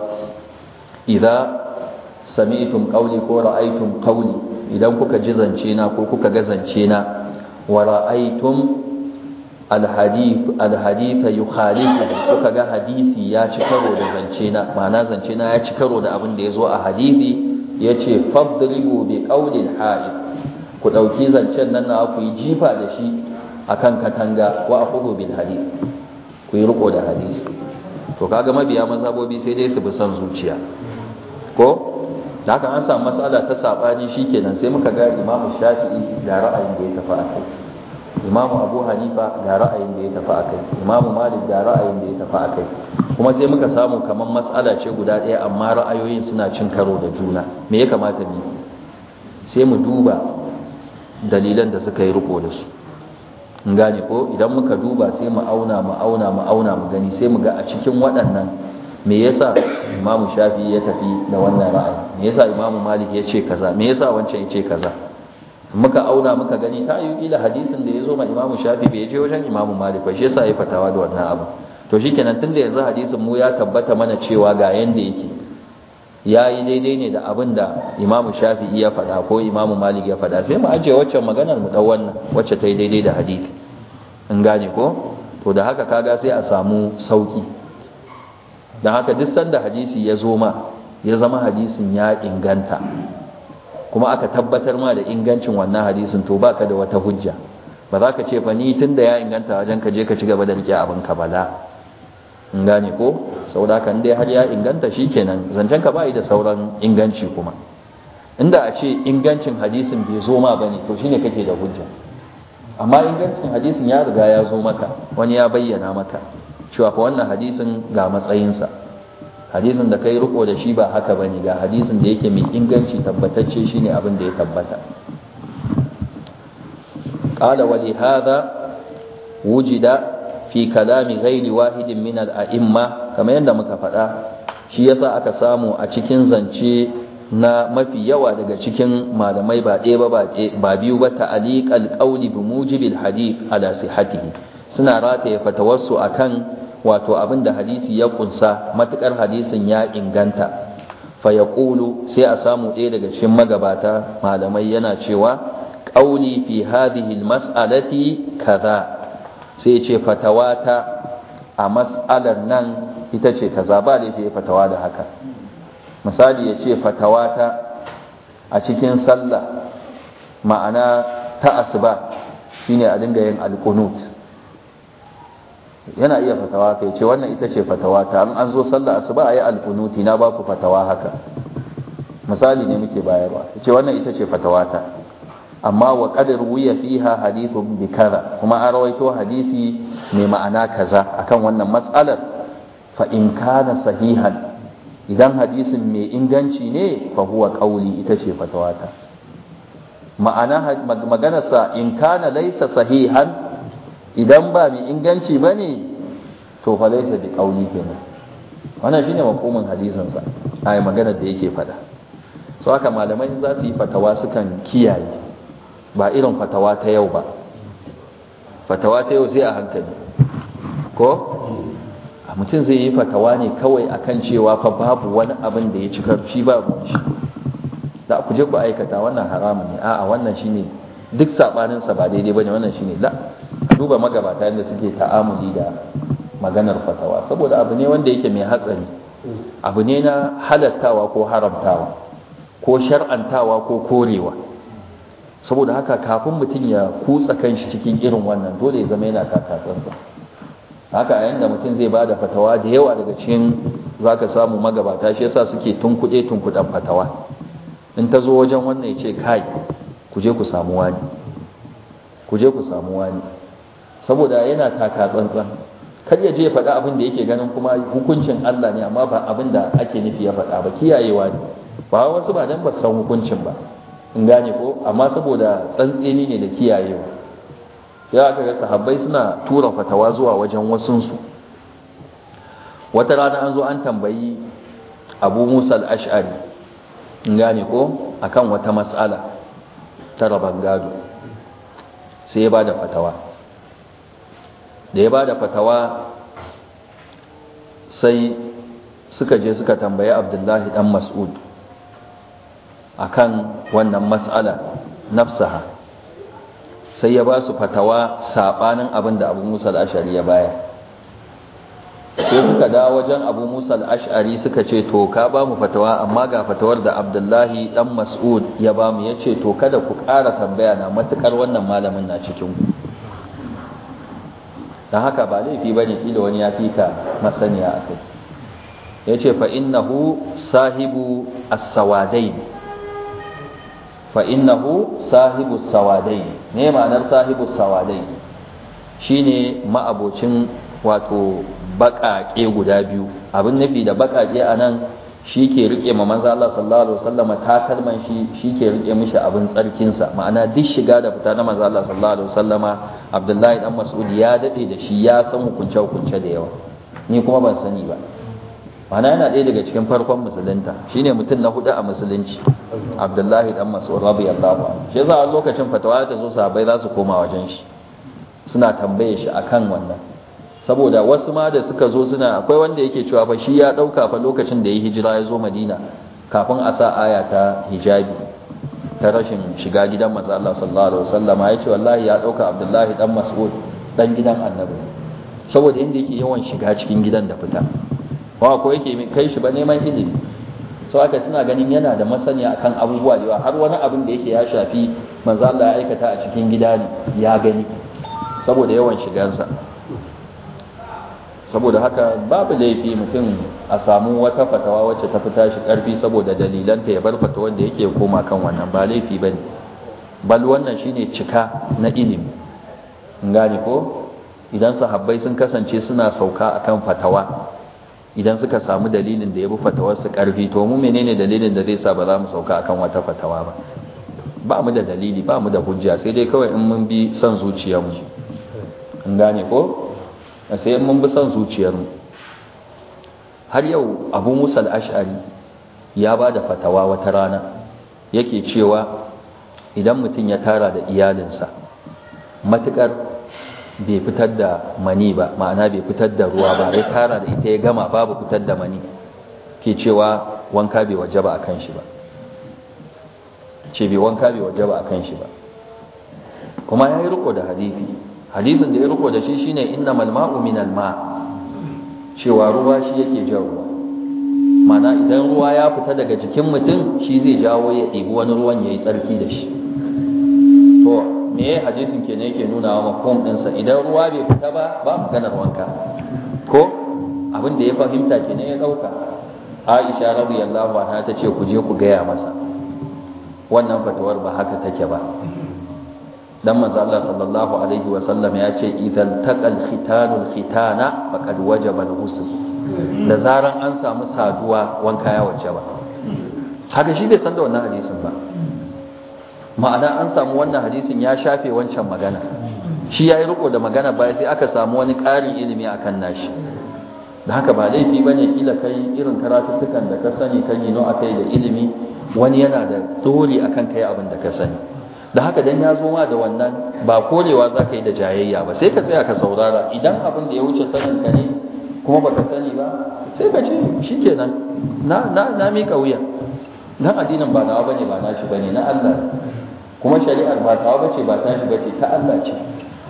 idza sami'tum qawli ko ra'aytum qawli idan kuka ji zance na ko kuka ga zance na wa ra'aytum alhaditha yukhalifu kuka ga hadisi ya ci karo da zance na ma'ana zance na ya ci karo da abin da ya zo a hadisi ya ce fadribu bi qawlil ha'id ku ɗauki zancen nan na ku yi jifa da shi akan katanga wa aqulu bil hadith ku yi riko da hadisi to kaga mabiya mazhabobi sai dai su bi san zuciya ko da haka an samu matsala ta sabani shikenan sai muka ga imamu shafi'i da ra'ayin da ya tafi imamu abu hanifa ga ra'ayin da ya tafi a kai imamu malik ga ra'ayin da ya tafi a kai kuma sai muka samu kamar matsala ce guda ɗaya amma ra'ayoyin suna cin karo da juna me ya kamata ne sai mu duba dalilan da suka yi riko da su in gane ko idan muka duba sai mu auna mu auna mu auna mu gani sai mu ga a cikin waɗannan me yasa imamu shafi ya tafi da wannan ra'ayi me yasa imamu malik ya ce kaza me yasa wancan ya ce kaza muka auna muka gani ta yi ila hadisin da ya zo ma imamu shafi bai je wajen imamu malik ba shi yasa ya fatawa da wannan abu to shikenan da yanzu hadisin mu ya tabbata mana cewa ga yanda yake yayi daidai ne da abin da imamu shafi ya faɗa ko imamu malik ya faɗa sai mu ajiye waccan maganar mu dan wannan wacce ta yi daidai da hadisi in gane ko to da haka kaga sai a samu sauki dan haka duk sanda hadisi ya zo ma ya zama hadisin ya inganta kuma aka tabbatar ma da ingancin wannan hadisin to baka da wata hujja ba za ka ce fa ni tunda ya inganta wajen ka je ka ci gaba da rike abin ka bala in gane ko saboda kan dai har ya inganta shikenan zancen ka bai da sauran inganci kuma inda a ce ingancin hadisin bai zo ma bane to shine kake da hujja amma ingancin hadisin ya riga ya zo maka wani ya bayyana maka cewa fa wannan hadisin ga matsayinsa hadisin da kai riko da shi ba haka bane ga hadisin da yake mai inganci tabbatacce shine abin da ya tabbata qala wa li hadha wujida fi kalami ghairi wahidin min al a'imma kamar yadda muka faɗa shi yasa aka samu a cikin zance na mafi yawa daga cikin malamai ba ɗaya ba ba biyu ba ta'aliq al qawli bi mujibil hadith ala sihhatihi suna rataye fatawarsu akan wato abin da hadisi ya kunsa matukar hadisin ya inganta fa ya sai a samu ɗaya daga cikin magabata malamai yana cewa ƙauli fi hadhihi mas'alati kaza sai ce fatawata a mas'alar nan ita ce kaza ba laifi fatawa da haka misali ya ce fatawata a cikin sallah ma'ana ta asuba shine a dinga yin alkunut. yana iya fatawa ka ce wannan ita ce fatawa ta an an zo sallah asuba ayi alqunuti na baku fatawa haka misali ne muke bayarwa ce wannan ita ce fatawa ta amma wa qadar wuya fiha hadithun bi kaza kuma an rawaito hadisi mai ma'ana kaza akan wannan mas'alar fa in kana sahihan idan hadisin mai inganci ne fa huwa qauli ita ce fatawa ta ma'ana maganarsa in kana laysa sahihan idan ba mai inganci ba ne to fa laisa bi qauli kenan wannan shine makomin hadisin sa ai maganar da yake fada so haka malamai za su yi fatawa sukan kiyaye ba irin fatawa ta yau ba fatawa ta yau sai a hankali ko a mutum zai yi fatawa ne kawai akan cewa fa babu wani abin da ya ci karfi ba shi da ku je ku aikata wannan haramun ne a'a wannan shine duk sabanin sa ba daidai bane wannan shine la duba magabata yadda suke ta'amuli da maganar fatawa saboda abu ne wanda yake mai hatsari abu ne na halattawa ko haramtawa ko shar'antawa ko korewa saboda haka kafin mutum ya kutsa kanshi cikin irin wannan dole ya zama yana kakasansa haka yayin da mutum zai bada fatawa da yawa daga cikin zaka samu magabata shi yasa suke tunkuɗe tunkuɗen fatawa in ta zo wajen wannan ya ce kai ku je ku samu wani ku je ku samu wani saboda yana taka tsantsan kar ya je faɗa abin da yake ganin kuma hukuncin Allah ne amma ba abin da ake nufi ya faɗa ba kiyayewa ne ba wasu ba dan ba san hukuncin ba in gane ko amma saboda tsantseni ne da kiyayewa ya aka ga sahabbai suna tura fatawa zuwa wajen su, wata rana an zo an tambayi abu musa al-Ash'ari in gane ko akan wata matsala ta rabangado sai ya bada fatawa da ya ba da fatawa sai suka je suka tambayi abdullahi dan mas'ud a kan wannan mas'ala nafsaha sai ya ba su fatawa saɓanin abin da abu musa al'ashari ya baya sai suka dawo wajen abu musa al'ashari suka ce to ka ba mu fatawa amma ga fatawar da abdullahi ɗan mas'ud ya ba mu ya ce to kada ku ƙara tambaya na matuƙar wannan malamin na cikinku don haka ba laifi ba ne ƙila wani ya fi ka masaniya a kai ya ce fa'innahu sahibu asawadai fa'innahu sahibu sawadai ne ma'anar sahibu sawadai shi ma'abocin wato baƙaƙe guda biyu abin nufi da baƙaƙe a nan shi ke rike ma manzo Allah sallallahu alaihi wasallam takalman shi shi ke rike mishi abin tsarkin sa ma'ana duk shiga da fita na manzo Allah sallallahu alaihi wasallama Abdullahi dan Mas'ud ya dade da shi ya san hukunce hukunce da yawa ni kuma ban sani ba ma'ana yana ɗaya daga cikin farkon musulunta shine mutum na hudu a musulunci Abdullahi dan Mas'ud radiyallahu anhu shi a lokacin fatawa ta zo sahabbai za su koma wajen shi suna tambaye shi akan wannan saboda wasu ma da suka zo suna akwai wanda yake cewa fa shi ya dauka fa lokacin da ya hijira ya zo Madina kafin a sa aya ta hijabi ta rashin shiga gidan manzo Allah sallallahu alaihi ya ce wallahi ya dauka Abdullahi dan Mas'ud dan gidan Annabi saboda inda yake yawan shiga cikin gidan da fita ba ko yake min kai shi ba neman ilimi so aka suna ganin yana da masaniya akan abubuwa da yawa har wani abin da yake ya shafi manzo Allah ya aikata a cikin gida ya gani saboda yawan shigansa saboda haka babu laifi mutum a samu wata fatawa wacce ta fita shi karfi saboda dalilanta ya bar fatawar da yake koma kan wannan ba laifi ba ne. bal wannan shine cika na ilimi gani ko idan sahabbai sun kasance suna sauka akan fatawa idan suka samu dalilin da ya bi fatawar su karfi to mu menene dalilin da zai sa ba za mu sauka akan wata fatawa ba ba mu da dalili ba mu da hujja sai dai kawai in mun bi son zuciyarmu gani ko a sai mun bi son zuciyarmu har yau abu musa al'ashari ya ba da fatawa wata rana yake cewa idan mutum ya tara da iyalinsa matukar bai fitar da mani ba ma'ana bai fitar da ruwa ba ya tara da ita ya gama babu fitar da mani ke cewa wanka bai waje ba a kan shi ba ce bai wanka bai waje ba a kan shi ba kuma ya yi riko da hadithi hadisin da ya riko da shi shine innamal ma'u minal ma cewa ruwa shi yake jawo mana idan ruwa ya fita daga jikin mutum shi zai jawo ya ɗibi wani ruwan ya yi tsarki da shi to me ya hadisin kenan yake nuna wa mafhum ɗinsa idan ruwa bai fita ba ba maganar wanka ko abin da ya fahimta ke ne ya ɗauka aisha radiyallahu anha ta ce ku je ku gaya masa wannan fatawar ba haka take ba dan manzo Allah sallallahu alaihi wa sallam ya ce idan taqal khitanul khitana faqad wajaba al-ghusl da zaran an samu saduwa wanka ya wace ba. haka shi bai san da wannan hadisin ba ma'ana an samu wannan hadisin ya shafe wancan magana shi yayi riko da magana ba sai aka samu wani ƙarin ilimi akan nashi da haka ba laifi bane kila kai irin karatuttukan da ka sani kan a akai da ilimi wani yana da dole akan kai abin da ka sani da haka dan ya zo ma da wannan ba korewa za ka yi da jayayya ba sai ka tsaya ka saurara idan abin da ya wuce sanin ka ne kuma baka sani ba sai ka ce nan na na na mika wuya dan addinin ba nawa bane ba nashi bane na Allah kuma shari'ar ba tawa bace ba tashi bace ta Allah ce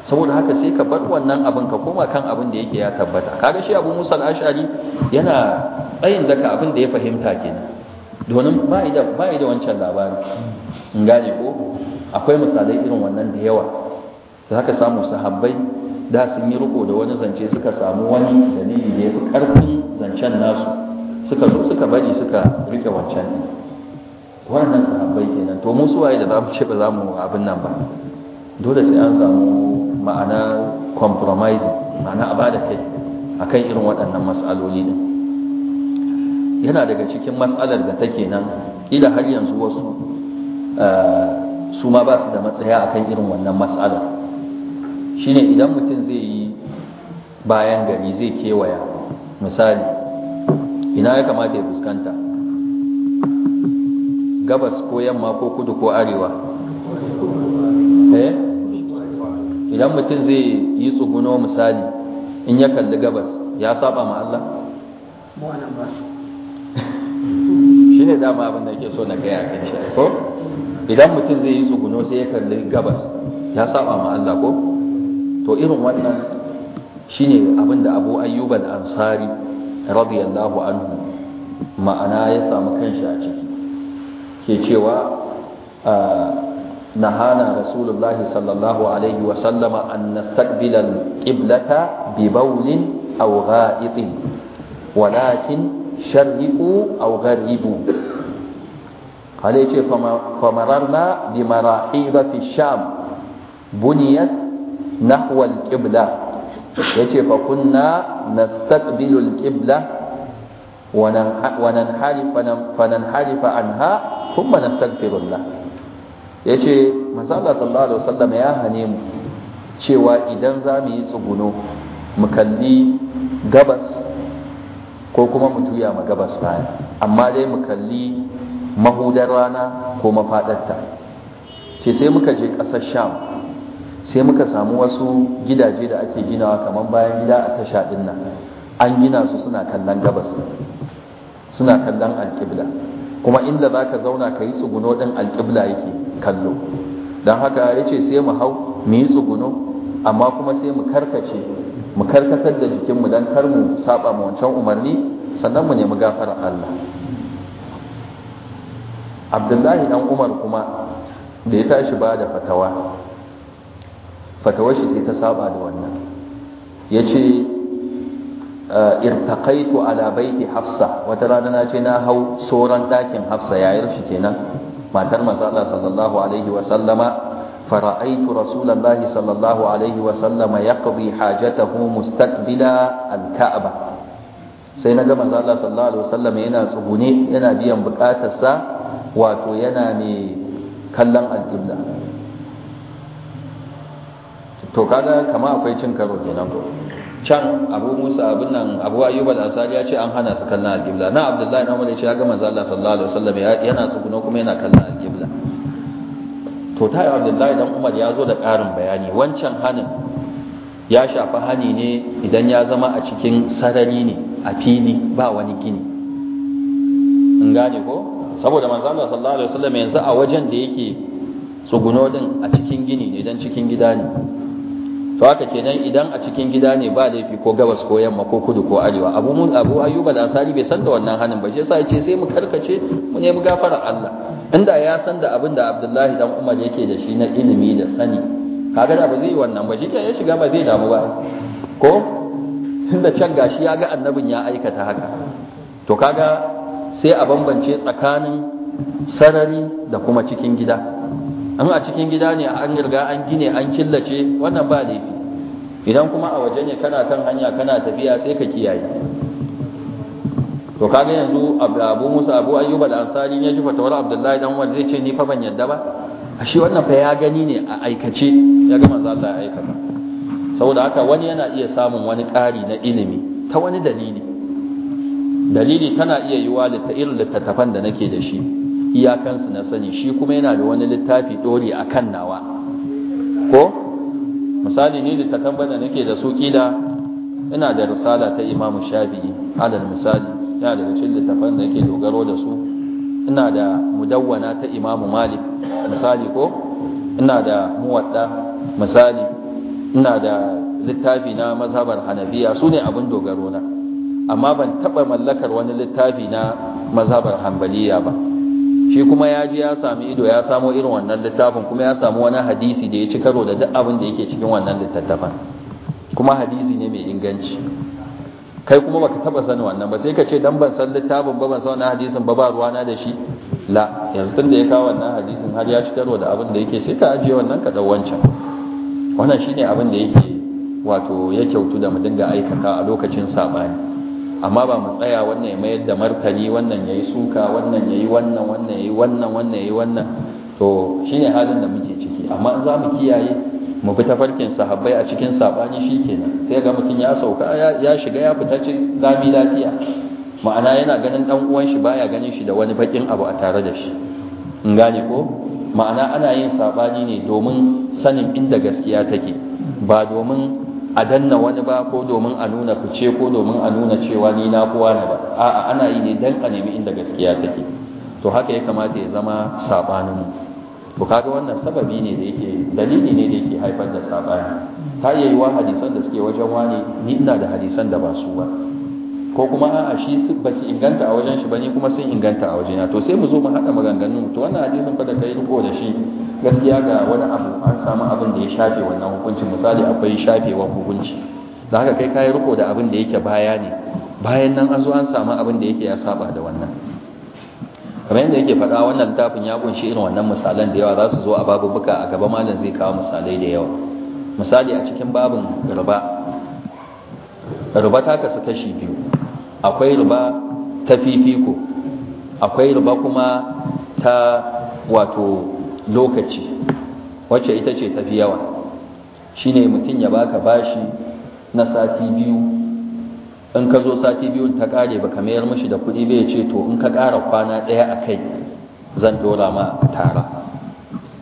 saboda haka sai ka bar wannan abin ka koma kan abin da yake ya tabbata kaga shi Abu Musa al-Ash'ari yana tsayin daka abin da ya fahimta kenan domin ba da wancan labari in gane ko akwai misalai irin wannan da yawa da haka samu sahabbai da sun yi riko da wani zance suka samu wani dalili da ya fi ƙarfi zancen nasu suka zo suka bari suka rike wancan wannan sahabbai kenan to mu waye da za ce ba za mu abin nan ba dole sai an samu ma'ana compromise ma'ana a bada kai akan irin waɗannan matsaloli din yana daga cikin matsalar da take nan ila har yanzu wasu eh, su ma ba su da matsaya akan irin wannan matsala shine idan mutum zai yi bayan gari zai kewaya misali ina ya kamata ya fuskanta gabas ko yamma ko kudu ko arewa eh? idan mutum zai yi tsuguno misali in ya kalli gabas ya saba ma Allah shi ne dama abin da ke so na gaya kan shi ko? idan mutum zai yi tsuguno sai ya kalli gabas ya saba ma Allah ko to irin wannan shine abin da Abu Ayyub al-Ansari radiyallahu anhu ma'ana ya samu kanshi a ciki ke cewa ah, nahana rasulullah sallallahu alaihi wa sallama an nastaqbila al-qiblata bi bawlin aw gha'itin walakin sharriqu aw gharribu hali ce famarar na di marahizati sham buniyat nahwal qibla ya ce fa kunna nastaqbilu al-qibla wa nan halifa fa nan halifa anha kuma nastaghfirullah ya ce masala sallallahu alaihi ya hane cewa idan za mu yi tsuguno mu kalli gabas ko kuma mu tuya ma gabas bayan amma dai mu kalli mahudar rana ko mafadarta ce sai muka je ƙasar sham sai muka samu wasu gidaje da ake ginawa kamar bayan gida a tasha ɗin nan an gina su suna kallon gabas suna kallon alƙibla kuma inda za ka zauna ka yi tsuguno ɗin alƙibla yake kallo don haka ya ce sai mu hau mu yi tsuguno amma kuma sai mu karkace mu karkatar da jikinmu don kar mu saba mu wancan umarni sannan mu nemi gafarar Allah abdullahi dan umar kuma da ya tashi ba da fatawa fatawar shi sai ta saba da wannan ya ce eh, irtakaitu ala baiti hafsa wata rana na ce na hau sauran ɗakin hafsa yayar shi kenan matar mazala sallallahu alaihi wasallama fara'aitu rasulallahi sallallahu alaihi wasallama ya ƙabi hajjatahu mustaqbila alka'aba sai na ga mazala sallallahu alaihi wasallama yana tsugune yana biyan sa. wato yana mai kallon alƙibla to kada kama akwai cin karo kenan ko can abu musa abin nan abu ayyub da asali ya ce an hana su kallon alƙibla na abdullahi na wani ce ya gama manzo sallallahu alaihi wasallam yana tsuguna kuma yana kallon alƙibla to ta yi abdullahi dan umar ya zo da ƙarin bayani wancan hanin ya shafi hani ne idan ya zama a cikin sarari ne a fili ba wani gini in gane ko saboda manzo Allah sallallahu alaihi wasallam yanzu a wajen da yake tsuguno din a cikin gini ne dan cikin gida ne to haka kenan idan a cikin gida ne ba laifi ko gabas ko yamma ko kudu ko arewa abu mun abu ayyub al asari bai san da wannan hanin ba shi yasa yace sai mu karkace mu ne mu gafara Allah inda ya san da abin da Abdullahi dan Umar yake da shi na ilimi da sani kaga da ba zai wannan ba shi ya shiga ba zai damu ba ko tunda can gashi ya ga annabin ya aikata haka to kaga sai a bambance tsakanin sarari da kuma cikin gida an a cikin gida ne an riga an gine an killace wannan ba laifi idan kuma a waje ne kana kan hanya kana tafiya sai ka kiyaye to kaga yanzu abu musa abu ayyuba da ansari ya ji fatawar abdullahi dan wanda zai ce ni fa ban yadda ba a shi wannan fa ya gani ne a aikace ya ga manzo Allah ya aikata saboda haka wani yana iya samun wani ƙari na ilimi ta wani dalili dalili tana iya yi da irin littattafan da nake da shi iyakansu na sani shi kuma yana da wani littafi ɗori a kan nawa ko misali ni littattafan da nake da su kila ina da risala ta imamu shafi'i alal misali yana daga cikin littattafan da nake dogaro da su ina da mudawwana ta imamu malik misali ko ina da muwadda misali ina da littafi na mazhabar hanabiya, su ne abin dogaro na amma ban taɓa mallakar wani littafi na mazhabar hambaliya ba shi kuma ya ji ya sami ido ya samo irin wannan littafin kuma ya samu wani hadisi da ya ci karo da duk abin da yake cikin wannan littattafan kuma hadisi ne mai inganci kai kuma baka taba sanin wannan ba sai ka ce dan ban san littafin ba ban san wannan hadisin ba ba ruwana da shi la yanzu tunda ya kawo wannan hadisin har ya ci karo da abin da yake sai ka ajiye wannan ka dau wancan wannan shine abin da yake wato ya kyautu da mu dinga aikata a lokacin sabani amma ba mu tsaya wannan ya mayar da martani wannan ya yi suka wannan ya yi wannan wannan ya yi wannan wannan ya yi wannan to shi ne halin da muke ciki amma za mu kiyaye mu bi tafarkin sahabbai a cikin saɓani shi kenan sai ga mutum ya sauka ya shiga ya fita ci zami lafiya ma'ana yana ganin ɗan uwan shi baya ganin shi da wani baƙin abu a tare da shi in gane ko ma'ana ana yin saɓani ne domin sanin inda gaskiya take ba domin a danna wani ba ko domin a nuna fice ko domin a nuna cewa ni na kowa ne ba a'a ana yi ne dan a nemi inda gaskiya take to haka ya kamata ya zama sabanin mu to kaga wannan sababi ne da yake dalili ne da yake haifar da sabani ta iya wa hadisan da suke wajen wani ni ina da hadisan da ba su ba ko kuma a'a shi ba su inganta a wajen shi ba ni kuma sun inganta a wajena to sai mu zo mu haɗa maganganun to wannan hadisin fa da kai rubo da shi gaskiya ga wani abu an samu abin da ya shafe wannan hukunci misali akwai shafewar hukunci Za ka kai kayi riko da abin da yake baya ne bayan nan an zo an samu abin da yake ya saba da wannan kamar yadda yake faɗa wannan littafin ya kunshi irin wannan misalan da yawa za su zo a babu babubuka a gaba malam zai kawo misalai da yawa misali a cikin babin riba riba ta kasu kashi biyu akwai riba ta fifiko akwai riba kuma ta wato lokaci wacce ita ce tafi yawa shine mutum ya baka bashi na sati biyu in ka zo sati biyun ta kare baka mayar mashi da kuɗi bai ce to in ka ƙara kwana ɗaya a kai zan dora ma tara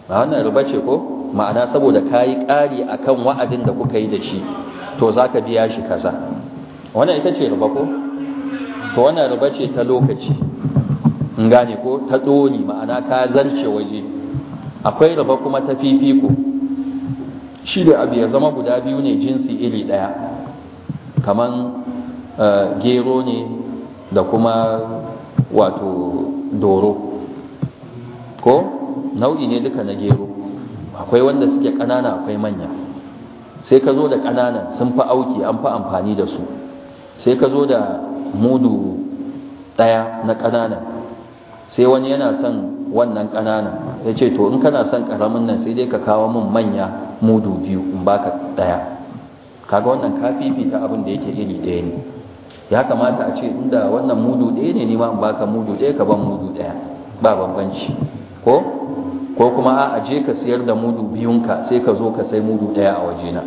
ba wannan riba ce ko ma'ana saboda ka yi ƙari a kan wa'adin da kuka yi da shi to za ka biya shi kaza wannan ita ce riba ko to wannan riba ce ta lokaci in gane ko ta tsoni ma'ana ka zarce waje akwai raba kuma ta fifiko shi da abu ya zama guda biyu ne jinsi iri ɗaya kamar eh, gero ne da kuma wato doro ko nau'i ne duka na gero akwai wanda suke ƙanana akwai manya sai ka zo da ƙananan sun fi auki an fi amfani da su sai ka zo da mudu ɗaya na ƙananan sai wani yana son wannan ƙananan ya ce to in kana son ƙaramin nan sai dai ka kawo min manya mudu biyu in baka ɗaya kaga wannan ka ta abin da yake iri daya ne ya kamata a ce inda wannan mudu ɗaya ne nima in baka mudu ɗaya ka ban mudu ɗaya ba bambanci ko ko kuma a aje ka siyar da mudu biyunka sai ka zo ka sai mudu ɗaya a waje na.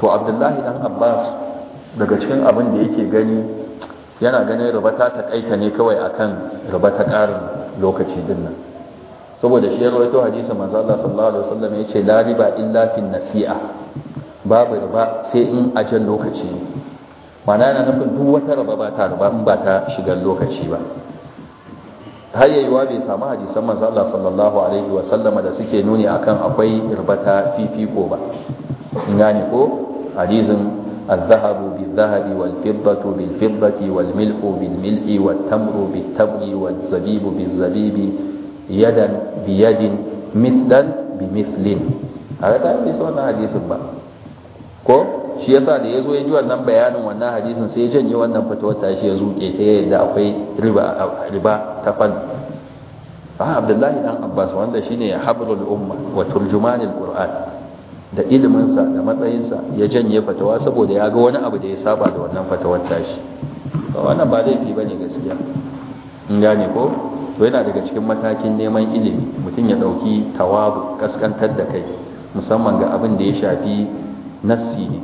to abdullahi dan abbas daga cikin abin da yake gani yana ganin rubata ta kaita ne kawai akan rubata ta ƙarin lokaci din nan saboda shi ya rawaito hadisi manzo Allah sallallahu alaihi wasallam ya ce la riba illa fi nasi'a babu riba sai in ajal lokaci ne mana yana nufin duk wata raba ba ta riba in ba ta shiga lokaci ba har yayyuwa bai samu hadisan manzo Allah sallallahu alaihi wasallam da suke nuni akan akwai ribata fifiko ba in gane ko hadisin الذهب بالذهب والفضة بالفضة والملح بالملح والتمر بالتمر والزبيب بالزبيب يدا بيد مثلا بمثل هذا تعالى بيسا wannan hadisin ba ko shi yasa da yazo ya ji wannan bayanin wannan hadisin sai ya janye wannan fatawar tashi ya zuke ta yadda akwai riba ta fan A Abdullahi dan Abbas wanda shine habrul umma wa turjumanil Qur'an da iliminsa da matsayinsa ya janye fatawa saboda ya ga wani abu da ya saba da wannan fatawar tashi ba wannan ba laifi ba ne gaskiya in gane ko to yana daga cikin matakin neman ilimi mutum ya ɗauki tawabu kaskantar da kai musamman ga abin da ya shafi nassi ne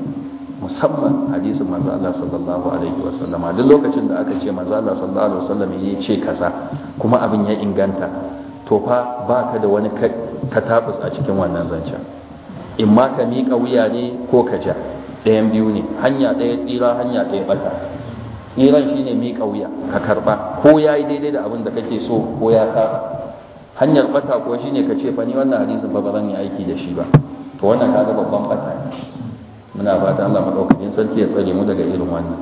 musamman hadisin manzo Allah sallallahu alaihi wasallama duk lokacin da aka ce manzo Allah sallallahu alaihi wasallam ya ce kaza kuma abin ya inganta to fa baka da wani katabus a cikin wannan zancen in ma ka miƙa wuya ne ko ka ja ɗayan biyu ne hanya ɗaya tsira hanya ɗaya ɓata tsiran shine miƙa wuya ka karɓa ko ya yi daidai da abin da kake so ko ya saba hanyar ɓata kuwa shine ka ce fa wannan hadisin ba ba zan yi aiki da shi ba to wannan kaga babban ɓata ne muna fata Allah madaukakin sarki ya tsare mu daga irin wannan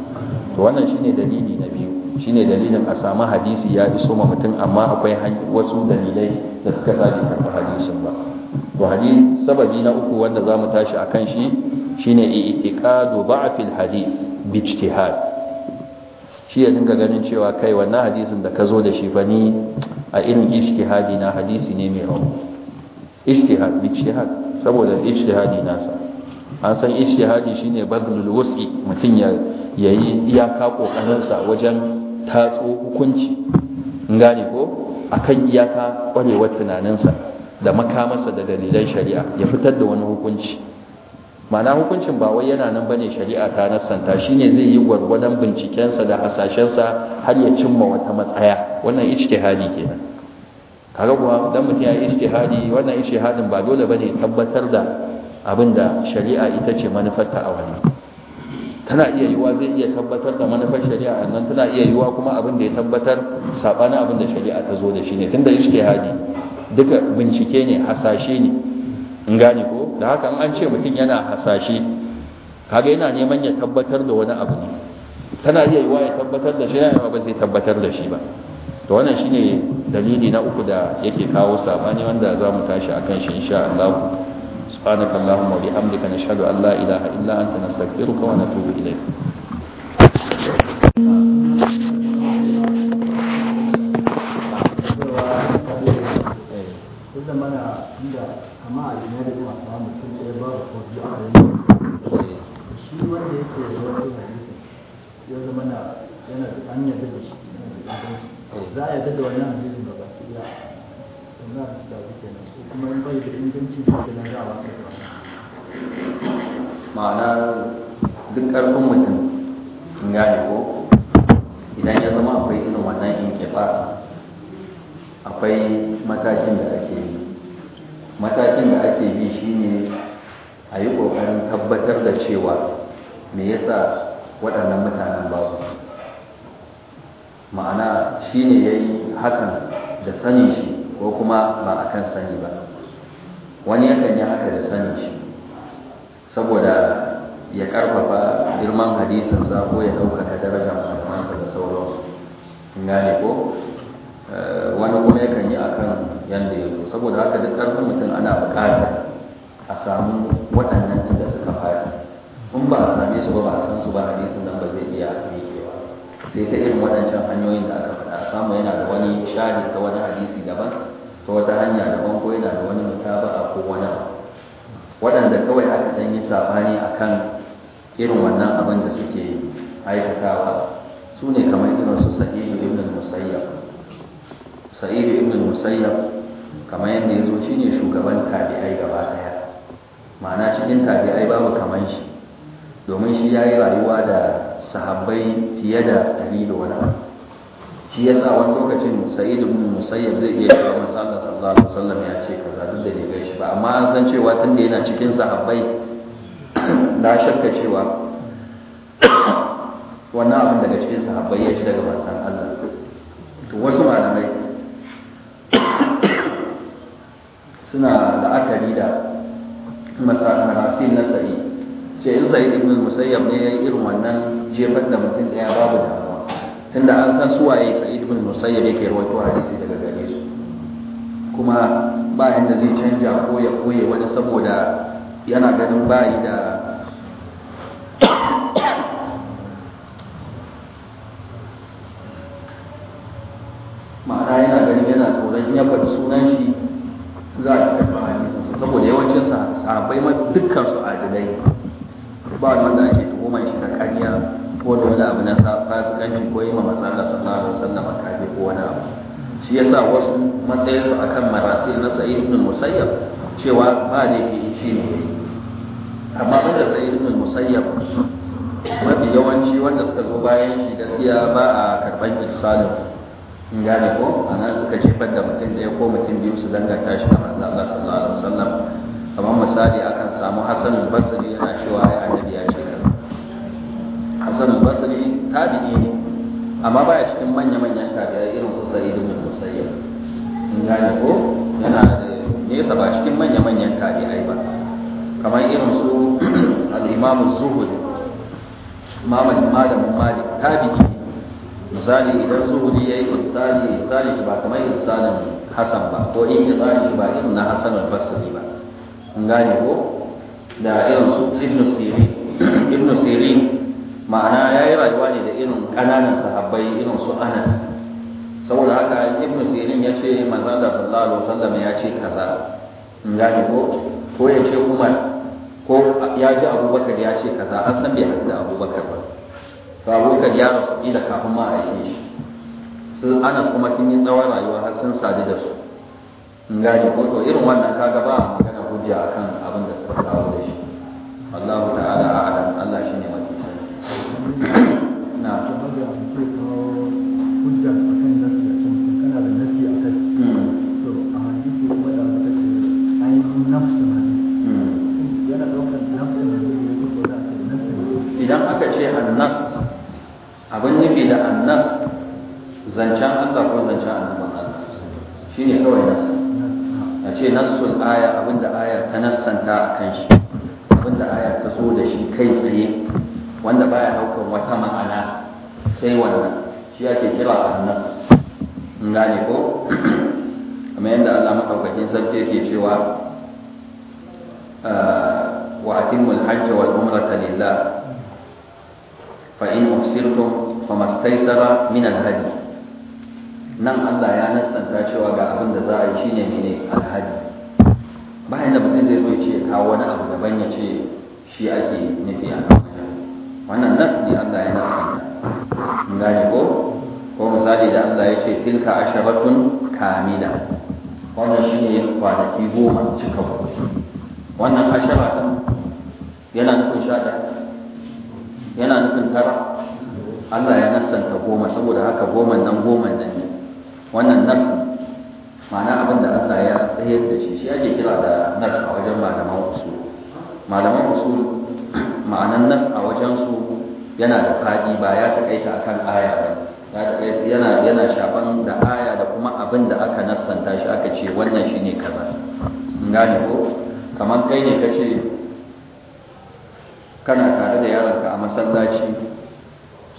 to wannan shine dalili na biyu shine dalilin a samu hadisi ya iso ma mutum amma akwai wasu dalilai da suka sa bai karɓi hadisin ba wani sababi na uku wanda za mu tashi a kan shi shine itiqadu ba'fil hadith bi ijtihad shi ya dinga ganin cewa kai wannan hadisin da ka zo da shi bani ni a irin ijtihadi na hadisi ne mai rauni ijtihad bi ijtihad saboda ijtihadi nasa an san ijtihadi shine badlul wus'i mutum ya yayi iyaka kokarin sa wajen tatso hukunci ngane ko akan iyaka kwarewar tunaninsa da makamarsa da dalilan shari'a ya fitar da wani hukunci mana hukuncin ba wai yana nan bane shari'a ta nasanta shine zai yi gwargwadon bincikensa da hasashensa har ya cimma wata matsaya wannan ijtihadi kenan kaga kuma dan mutum ya ijtihadi wannan ijtihadin ba dole bane tabbatar da abin shari'a ita ce manufarta a wani tana iya yiwa zai iya tabbatar da manufar shari'a Annan tana iya yiwa kuma abin da ya tabbatar sabanin abin da shari'a ta zo da shi ne tunda ijtihadi duka bincike ne hasashe ne in gane ko da haka an ce mutum yana hasashe kaga yana neman ya tabbatar da wani abu ne tana iya yiwa ya tabbatar da shi yana ba zai tabbatar da shi ba to wannan shine dalili na uku da yake kawo sabani wanda za mu tashi akan shi insha Allah subhanaka allahumma wa bihamdika nashhadu an la ilaha illa anta nastaghfiruka wa natubu ilayk ita mana inda kama a jina da kuma samu mutum da ya ba da kofi a yi shi wanda yake da wani hadisi ya zama na yana da an yadda da shi za a yadda da wannan hadisin da ba su iya sannan da ta zuke nan ko kuma in bai da inganci da ke na zawa kai ba ma'ana duk ƙarfin mutum in gane ko idan ya zama akwai irin wannan in ke ba akwai matakin da ake yi matakin da ake bi shine a yi ƙoƙarin tabbatar da cewa me yasa waɗannan mutanen ba su ma'ana shi ne ya yi hakan da sani shi ko kuma ba a kan sani ba wani yakan yi haka da sani shi saboda ya ƙarfafa girman hadisinsa ko ya ɗaukaka darajar malamansa da sauransu gane ko Eh, wani kuma yakan yi akan yanda ya zo saboda haka duk ƙarfin mutum ana buƙata a samu waɗannan inda suka fara in ba a same su ba ba a san su ba hadisin nan ba zai iya miƙewa sai ta irin waɗancan hanyoyin da aka faɗa samu yana da wani shahid ta wani hadisi daban ta wata hanya daban ko yana da wani ba ko wani waɗanda kawai aka ɗan yi sabani a kan irin wannan abin da suke aikatawa su ne kamar irin su sa'idu ibn musayyab sa'id ibn musayyab kamar yadda ya zo shine shugaban tabi'ai gaba daya ma'ana cikin tabi'ai babu kaman shi domin shi yayi rayuwa da sahabbai fiye da ɗari da wani abu shi yasa wani lokacin sa'id ibn musayyab zai iya cewa manzo Allah sallallahu alaihi wasallam ya ce kaza duk da bai gaishe ba amma an san cewa tunda yana cikin sahabbai na shakka cewa wannan abin daga cikin sahabbai ya shi daga manzon Allah to wasu malamai suna la'akari da masarasin na tsari ce in sa'id ibn musayyab ne irin wannan jefar da mutum ɗaya babu damuwa tunda an san suwaye sa'id ibn musayyab yake rawaito hadisi daga gare su kuma bayan da zai canja ko ya koye wani saboda yana ganin bayi da ma'ana yana ganin yana tsoron ya faɗi sunan shi za a karɓa hadisin saboda yawancin sahabbai ma dukkan su adilai ba wanda ake tuhuma shi da kariya ko da wani abu na fasikanci ko yi ma manzo Allah sallallahu alaihi wasallam kafi ko wani abu shi yasa wasu matsayinsu akan marasi na Sa'id ibn Musayyab cewa ba ne ke shi ne amma wanda Sa'id ibn Musayyab mafi yawanci wanda suka zo bayan shi gaskiya ba a karɓar irsalin gane ko a suka jefar da mutum ɗaya ko mutum biyu su danganta shi da manzo Allah sallallahu alaihi wasallam kamar misali akan samu Hassan al-Basri yana cewa ai annabi ya ce Hassan al-Basri tabi'i ne amma baya cikin manya-manyan tabi'ai irin su Sa'id ibn Musayyib in gane ko yana da nesa ba cikin manya-manyan tabi'ai ba kamar irin su al-Imam az-Zuhri Imam Malik Malik tabi'i misali idan zuhuri yi insani insani shi ba kamar insanin hasan ba ko in insani shi ba in na hasan al-basri ba in gane ko da irin su ibn sirin ibn sirin ma'ana yi rayuwa ne da irin kananan sahabbai irin su anas saboda haka ibn sirin ya ce manzon da sallallahu alaihi wasallam ya ce kaza in gane ko ko ya ce umar ko ya ji abubakar ya ce kaza an san bai haɗu da abubakar ba ka ya rasu kila kafin ma a shi Su anas kuma sun yi tsawon rayuwa har sun sadu da su in gane ko to irin wannan kaga ba a magana hujja kan abin da suka kawo da shi Allahu ta'ala a'lam Allah ne mafi sani na hmm. idan aka ce annas abin nufi da annas zancen Allah ko zancen annaban Allah ne kawai nas a ce nassul aya abinda aya ta nassanta a kan shi abinda aya ta zo da shi kai tsaye wanda baya daukan wata ma'ana sai wannan shi ake kira annas gane ko kamar yadda Allah madaukakin sarki yake cewa wa atimul hajj wal umrata lillah fa in uhsirtum wa mastaisara min alhadi nan Allah ya nassanta cewa ga abin da za a yi shine mene alhadi bayan da mutum zai zo ya ce kawo wani abu daban ya ce shi ake nufi a wannan nas ne Allah ya nassanta mun gane ko ko misali da Allah ya ce tilka asharatun kamila wannan shine kwanaki goma cikakku wannan asharatun yana nufin sha yana nufin tara Allah ya nassanta goma saboda haka goma nan goma nan ne wannan nas ma'ana abin da Allah ya tsayar da shi shi ake kira da nas a wajen malaman usul malaman usul ma'anan nas a wajen su yana da fadi ba ya takaita akan aya ba yana yana shafan da aya da kuma abin da aka nasanta shi aka ce wannan shine kaza gane ko kamar kai ne kace kana tare da yaranka a masallaci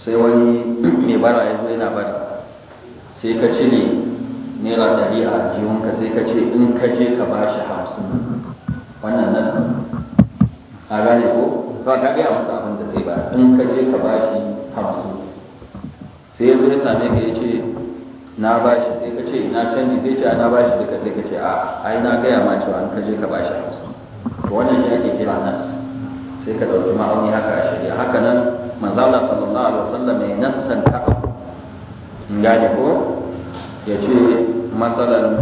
sai wani mai bara ya zo yana bara sai ka ne naira ɗari a jihunka sai ka ce in ka je ka ba shi hamsin wannan nan a gane ko ba ka gaya masa abin da kai ba in ka je ka ba shi hamsin sai ya zo ya same ka ya ce na ba shi sai ka ce na canji sai ce na ba shi duka sai ka ce a ai na gaya ma cewa an kaje ka ba shi hamsin wannan shi ake kira nan sai ka ɗauki ma'auni haka a shirya haka nan Mazala sallallahu alaihi wasallam ya nassan ta abu gane ko ya ce matsalan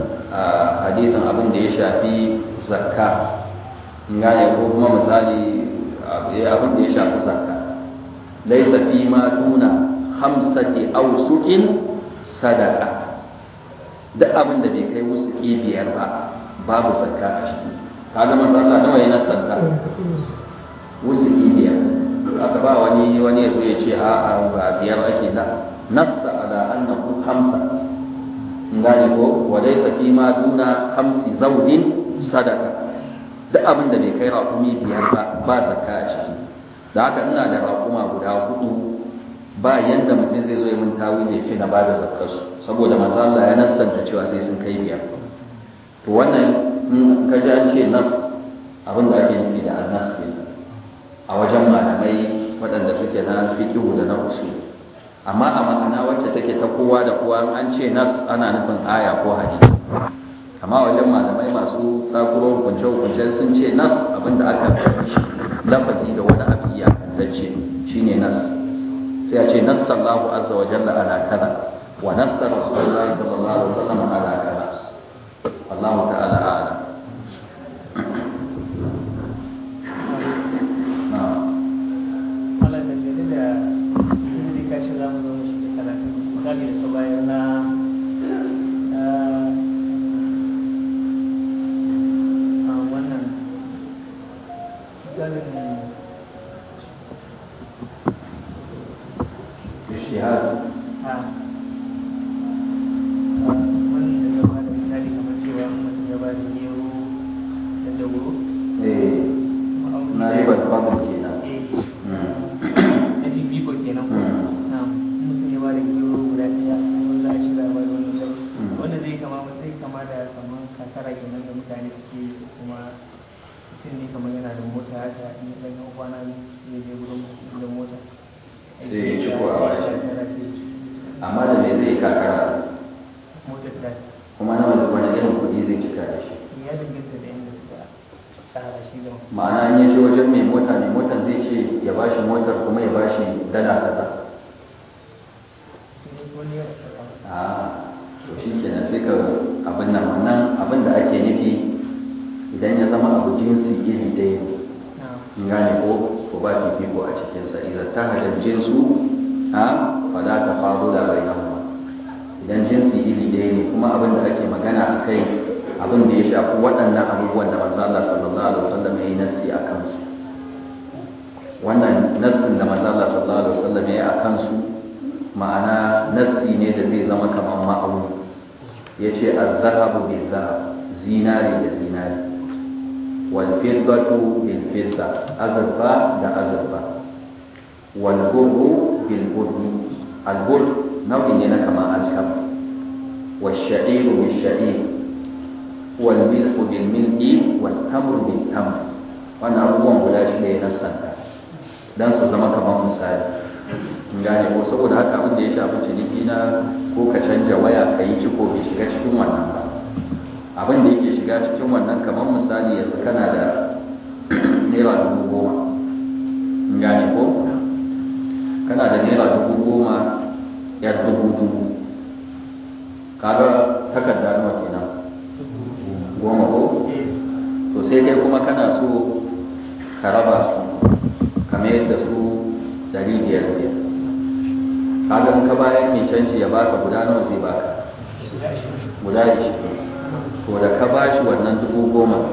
hadisin abin da ya shafi zakka gane ko kuma misali eh, abin da ya shafi zakka laisa fi ma tuna hamsati ausukin sadaka duk abin da bai kai wasu biyar ba babu zakka a ciki kaga manzo Allah nawa yana zakka wusuki biyar aka ba wani wani ya ya ce a ba biyar ake da nafsa ala annahu hamsa ngani ko wa laysa fi ma duna khamsi zawdin sadaka duk abin da bai kai raƙumi biyar ba ba zakka a ciki da haka ina da raƙuma guda hudu ba yanda mutum zai zo ya minta tawili ya ce na bada zakka su saboda manzo Allah ya nassanta cewa sai sun kai biyar to wannan in ka ji an ce nas abin da ake nufi da annas kenan a wajen malamai waɗanda suke na fiƙihu da na usul amma a ma'ana wacce take ta kowa da kowa an ce nas ana nufin aya ko hadisi amma wajen malamai masu tsakuro hukunce hukunce sun ce nas abinda aka fi lafazi da wani abu shi shine nas sai a ce nas sallahu azza wa jalla ala kaza wa nas rasulullahi sallallahu alaihi wasallam ala kaza Allahu ta'ala kuma abin da ake magana a kai abin da ya shafi waɗannan abubuwan da manzo Allah sallallahu alaihi wasallam ya yi nasi a kansu wannan nasin da manzo Allah sallallahu alaihi wasallam ya yi a kansu ma'ana nasi ne da zai zama kamar ya ce az-zahabu bil-zahab zinari da zinari wal fiddatu bil fidda azurfa da azurfa wal burru bil burri al burr nau'in ne na kamar alkama والشعير بالشعير والملح بالملح والتمر بالتمر وانا abubuwan guda shi ne na sanda dan su zama kamar misali gane ko saboda haka abin da ya shafi ciniki na ko ka canja waya ka yi ciko bai shiga cikin wannan ba abin da yake shiga cikin wannan kamar misali yanzu kana da naira dubu goma gane ko kana da naira dubu goma yar dubu dubu kaga takarda nawa kenan goma ko to sai kai kuma kana so ka raba su ka mayar da su dari biyar biyar kaga in ka bayan mai canji ya baka guda nawa zai baka guda ishirin to da ka bashi wannan dubu goma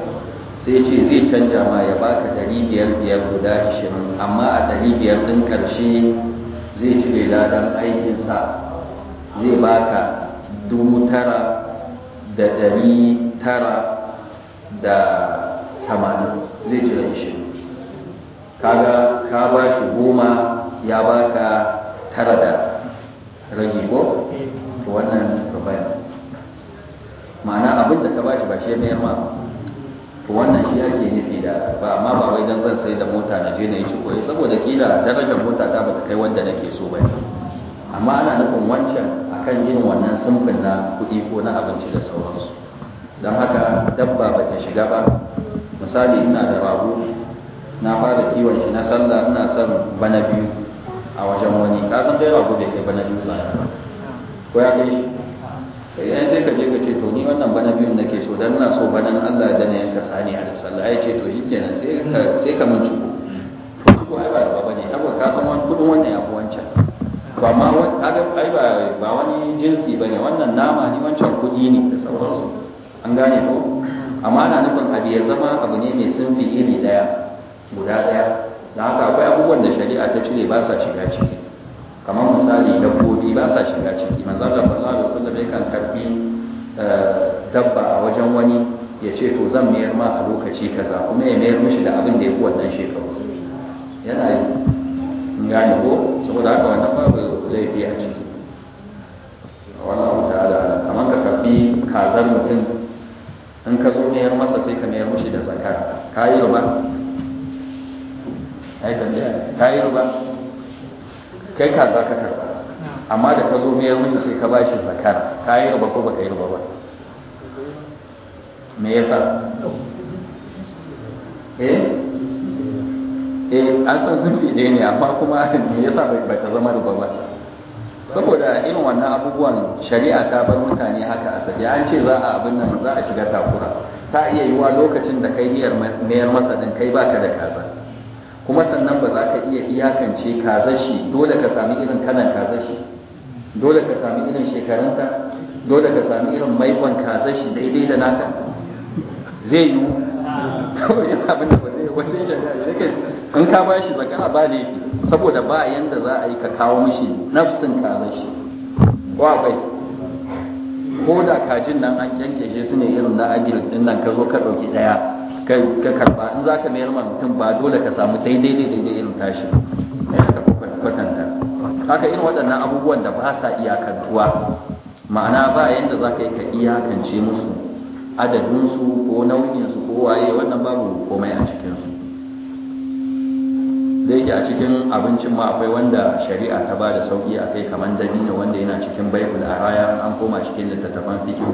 sai ce zai canja ma ya baka dari biyar biyar guda ishirin amma a dari biyar din ƙarshe zai cire ladan aikinsa zai baka dubu tara da ɗari tara da tamanin zai jira ishirin kaga ka ba shi goma ya ba ka tara da rage ko wannan rubayan ma'ana abin da ka ba shi ba shi mayar ma to wannan shi ake nufi da ba amma ba wai don zan sai da mota na je na yi koyi saboda kila darajar mota ta ba ta kai wanda nake so ba amma ana nufin wancan kan irin wannan sumfin na kuɗi ko na abinci da sauransu don haka dabba ba ta shiga ba misali ina da rago na fara kiwon shi na sallah ina son bana biyu a wajen wani ka san dai rago bai kai bana biyu tsaya ko ya kai shi idan sai ka je ka ce to ni wannan bana biyun nake so dan ina so banan Allah da ne yanka sani a sallah ya ce to shikenan sai ka sai ka mun ciko to ko ai ba ba ne saboda ka san wani kudin wannan ya fi wancan to amma jinsi ba ne wannan nama ne wancan kuɗi ne da sauransu an gane ko amma na nufin abu ya zama abu ne mai sunfi iri daya guda ɗaya da haka akwai abubuwan da shari'a ta cire ba sa shiga ciki kamar misali dabbobi ba sa shiga ciki manzo Allah sallallahu alaihi wasallam yakan karbi eh, dabba a wajen wani ya ce to zan mayar ma a lokaci kaza kuma ya mayar mishi da abin da ya fi wannan shekaru yana yi gane ko saboda haka wannan babu laifi a ciki wani abu ta da kamar ka karbi kazar mutum in ka zo mayar masa sai ka mayar mushi da zakar ka yi ruba ka yi ruba kai kaza ka karba amma da ka zo mayar mushi sai ka ba shi zakar ka yi ruba ko baka yi ruba ba me yasa eh eh an san zurfi ɗaya ne amma kuma me yasa bai ta zama ruba ba saboda in wannan abubuwan shari'a ta bar mutane haka a sake an ce za a abin nan za a shiga takura ta iya yiwa lokacin da kai niyyar mayar masa din kai baka da kaza kuma sannan ba za ka iya iyakance kaza shi dole ka sami irin kanan kaza shi dole ka sami irin shekarunta dole ka sami irin maikon kaza shi daidai da naka zai yiwu kawai abin da ba zai wajen shari'a in ka ba shi a ba laifi saboda ba yanda za a yi ka kawo mishi nafsin kazan shi wa bai ko da kajin nan an kyankyashe su ne irin na agil din nan ka zo ka ɗauki ɗaya ka karba in za ka mayar ma mutum ba dole ka samu daidai daidai irin tashi ka kwatanta haka irin waɗannan abubuwan da ba sa iyakantuwa ma'ana ba yanda za ka yi ka iyakance musu adadinsu ko nau'insu ko waye wannan babu komai a cikinsu da yake a cikin abincin ma akwai wanda shari'a ta ba da sauki a kai kamar dabino wanda yana cikin baibul araya an koma cikin littattafan fikin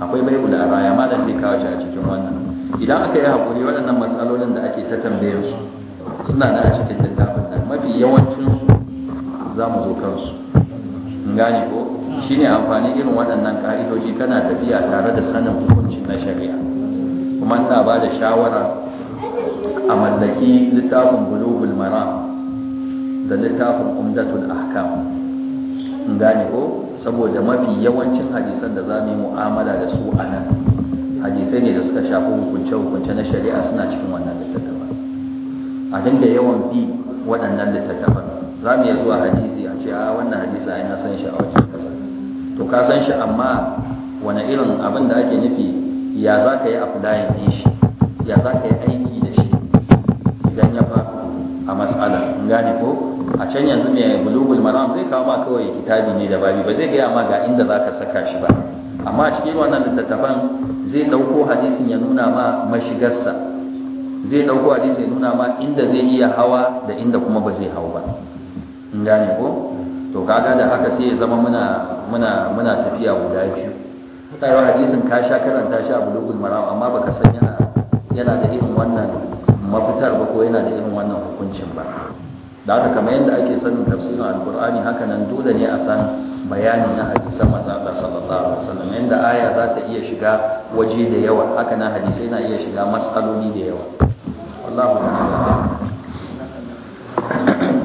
akwai baibul araya malam zai kawo shi a cikin wannan idan aka yi hakuri waɗannan matsalolin da ake ta tambayar su suna da a cikin littafin nan mafi yawancin su za mu zo kansu gane ko shine amfani irin waɗannan ƙa'idoji kana tafiya tare da sanin hukunci na shari'a kuma ina ba da shawara a mallaki littafin bulu maram da littafin umdatul ahkam gane ko saboda mafi yawancin hadisan da za mu yi mu'amala da su a nan hadisai ne da suka shafi hukunce-hukunce na shari'a suna cikin wannan littattafan a dinga yawan bi waɗannan littattafan za mu iya zuwa hadisi a ce a wannan hadisi a na san shi a wajen kaza to ka san shi amma wani irin abin da ake nufi ya za yi a fulayin shi ya zaka yi aiki da shi idan ya faru a matsala in gane ko a can yanzu mai bulugul maram zai kawo ma kawai kitabi ne da babi ba zai gaya ma ga inda za ka saka shi ba amma a cikin wannan littattafan zai ɗauko hadisin ya nuna ma mashigarsa zai ɗauko hadisin ya nuna ma inda zai iya hawa da inda kuma ba zai hau ba in gane ko to kaga da haka sai ya zama muna tafiya guda biyu wa hadisin ka sha karanta shi a bulugul maram amma baka san yana yana da irin wannan mafitar ba ko yana da irin wannan hukuncin ba da haka kamar yadda ake sanin tafsirin alkur'ani haka nan dole ne a san bayani na hadisan manzala sallallahu alaihi wasallam yadda aya za ta iya shiga waje da yawa haka nan hadisai na iya shiga matsaloli da yawa ta'ala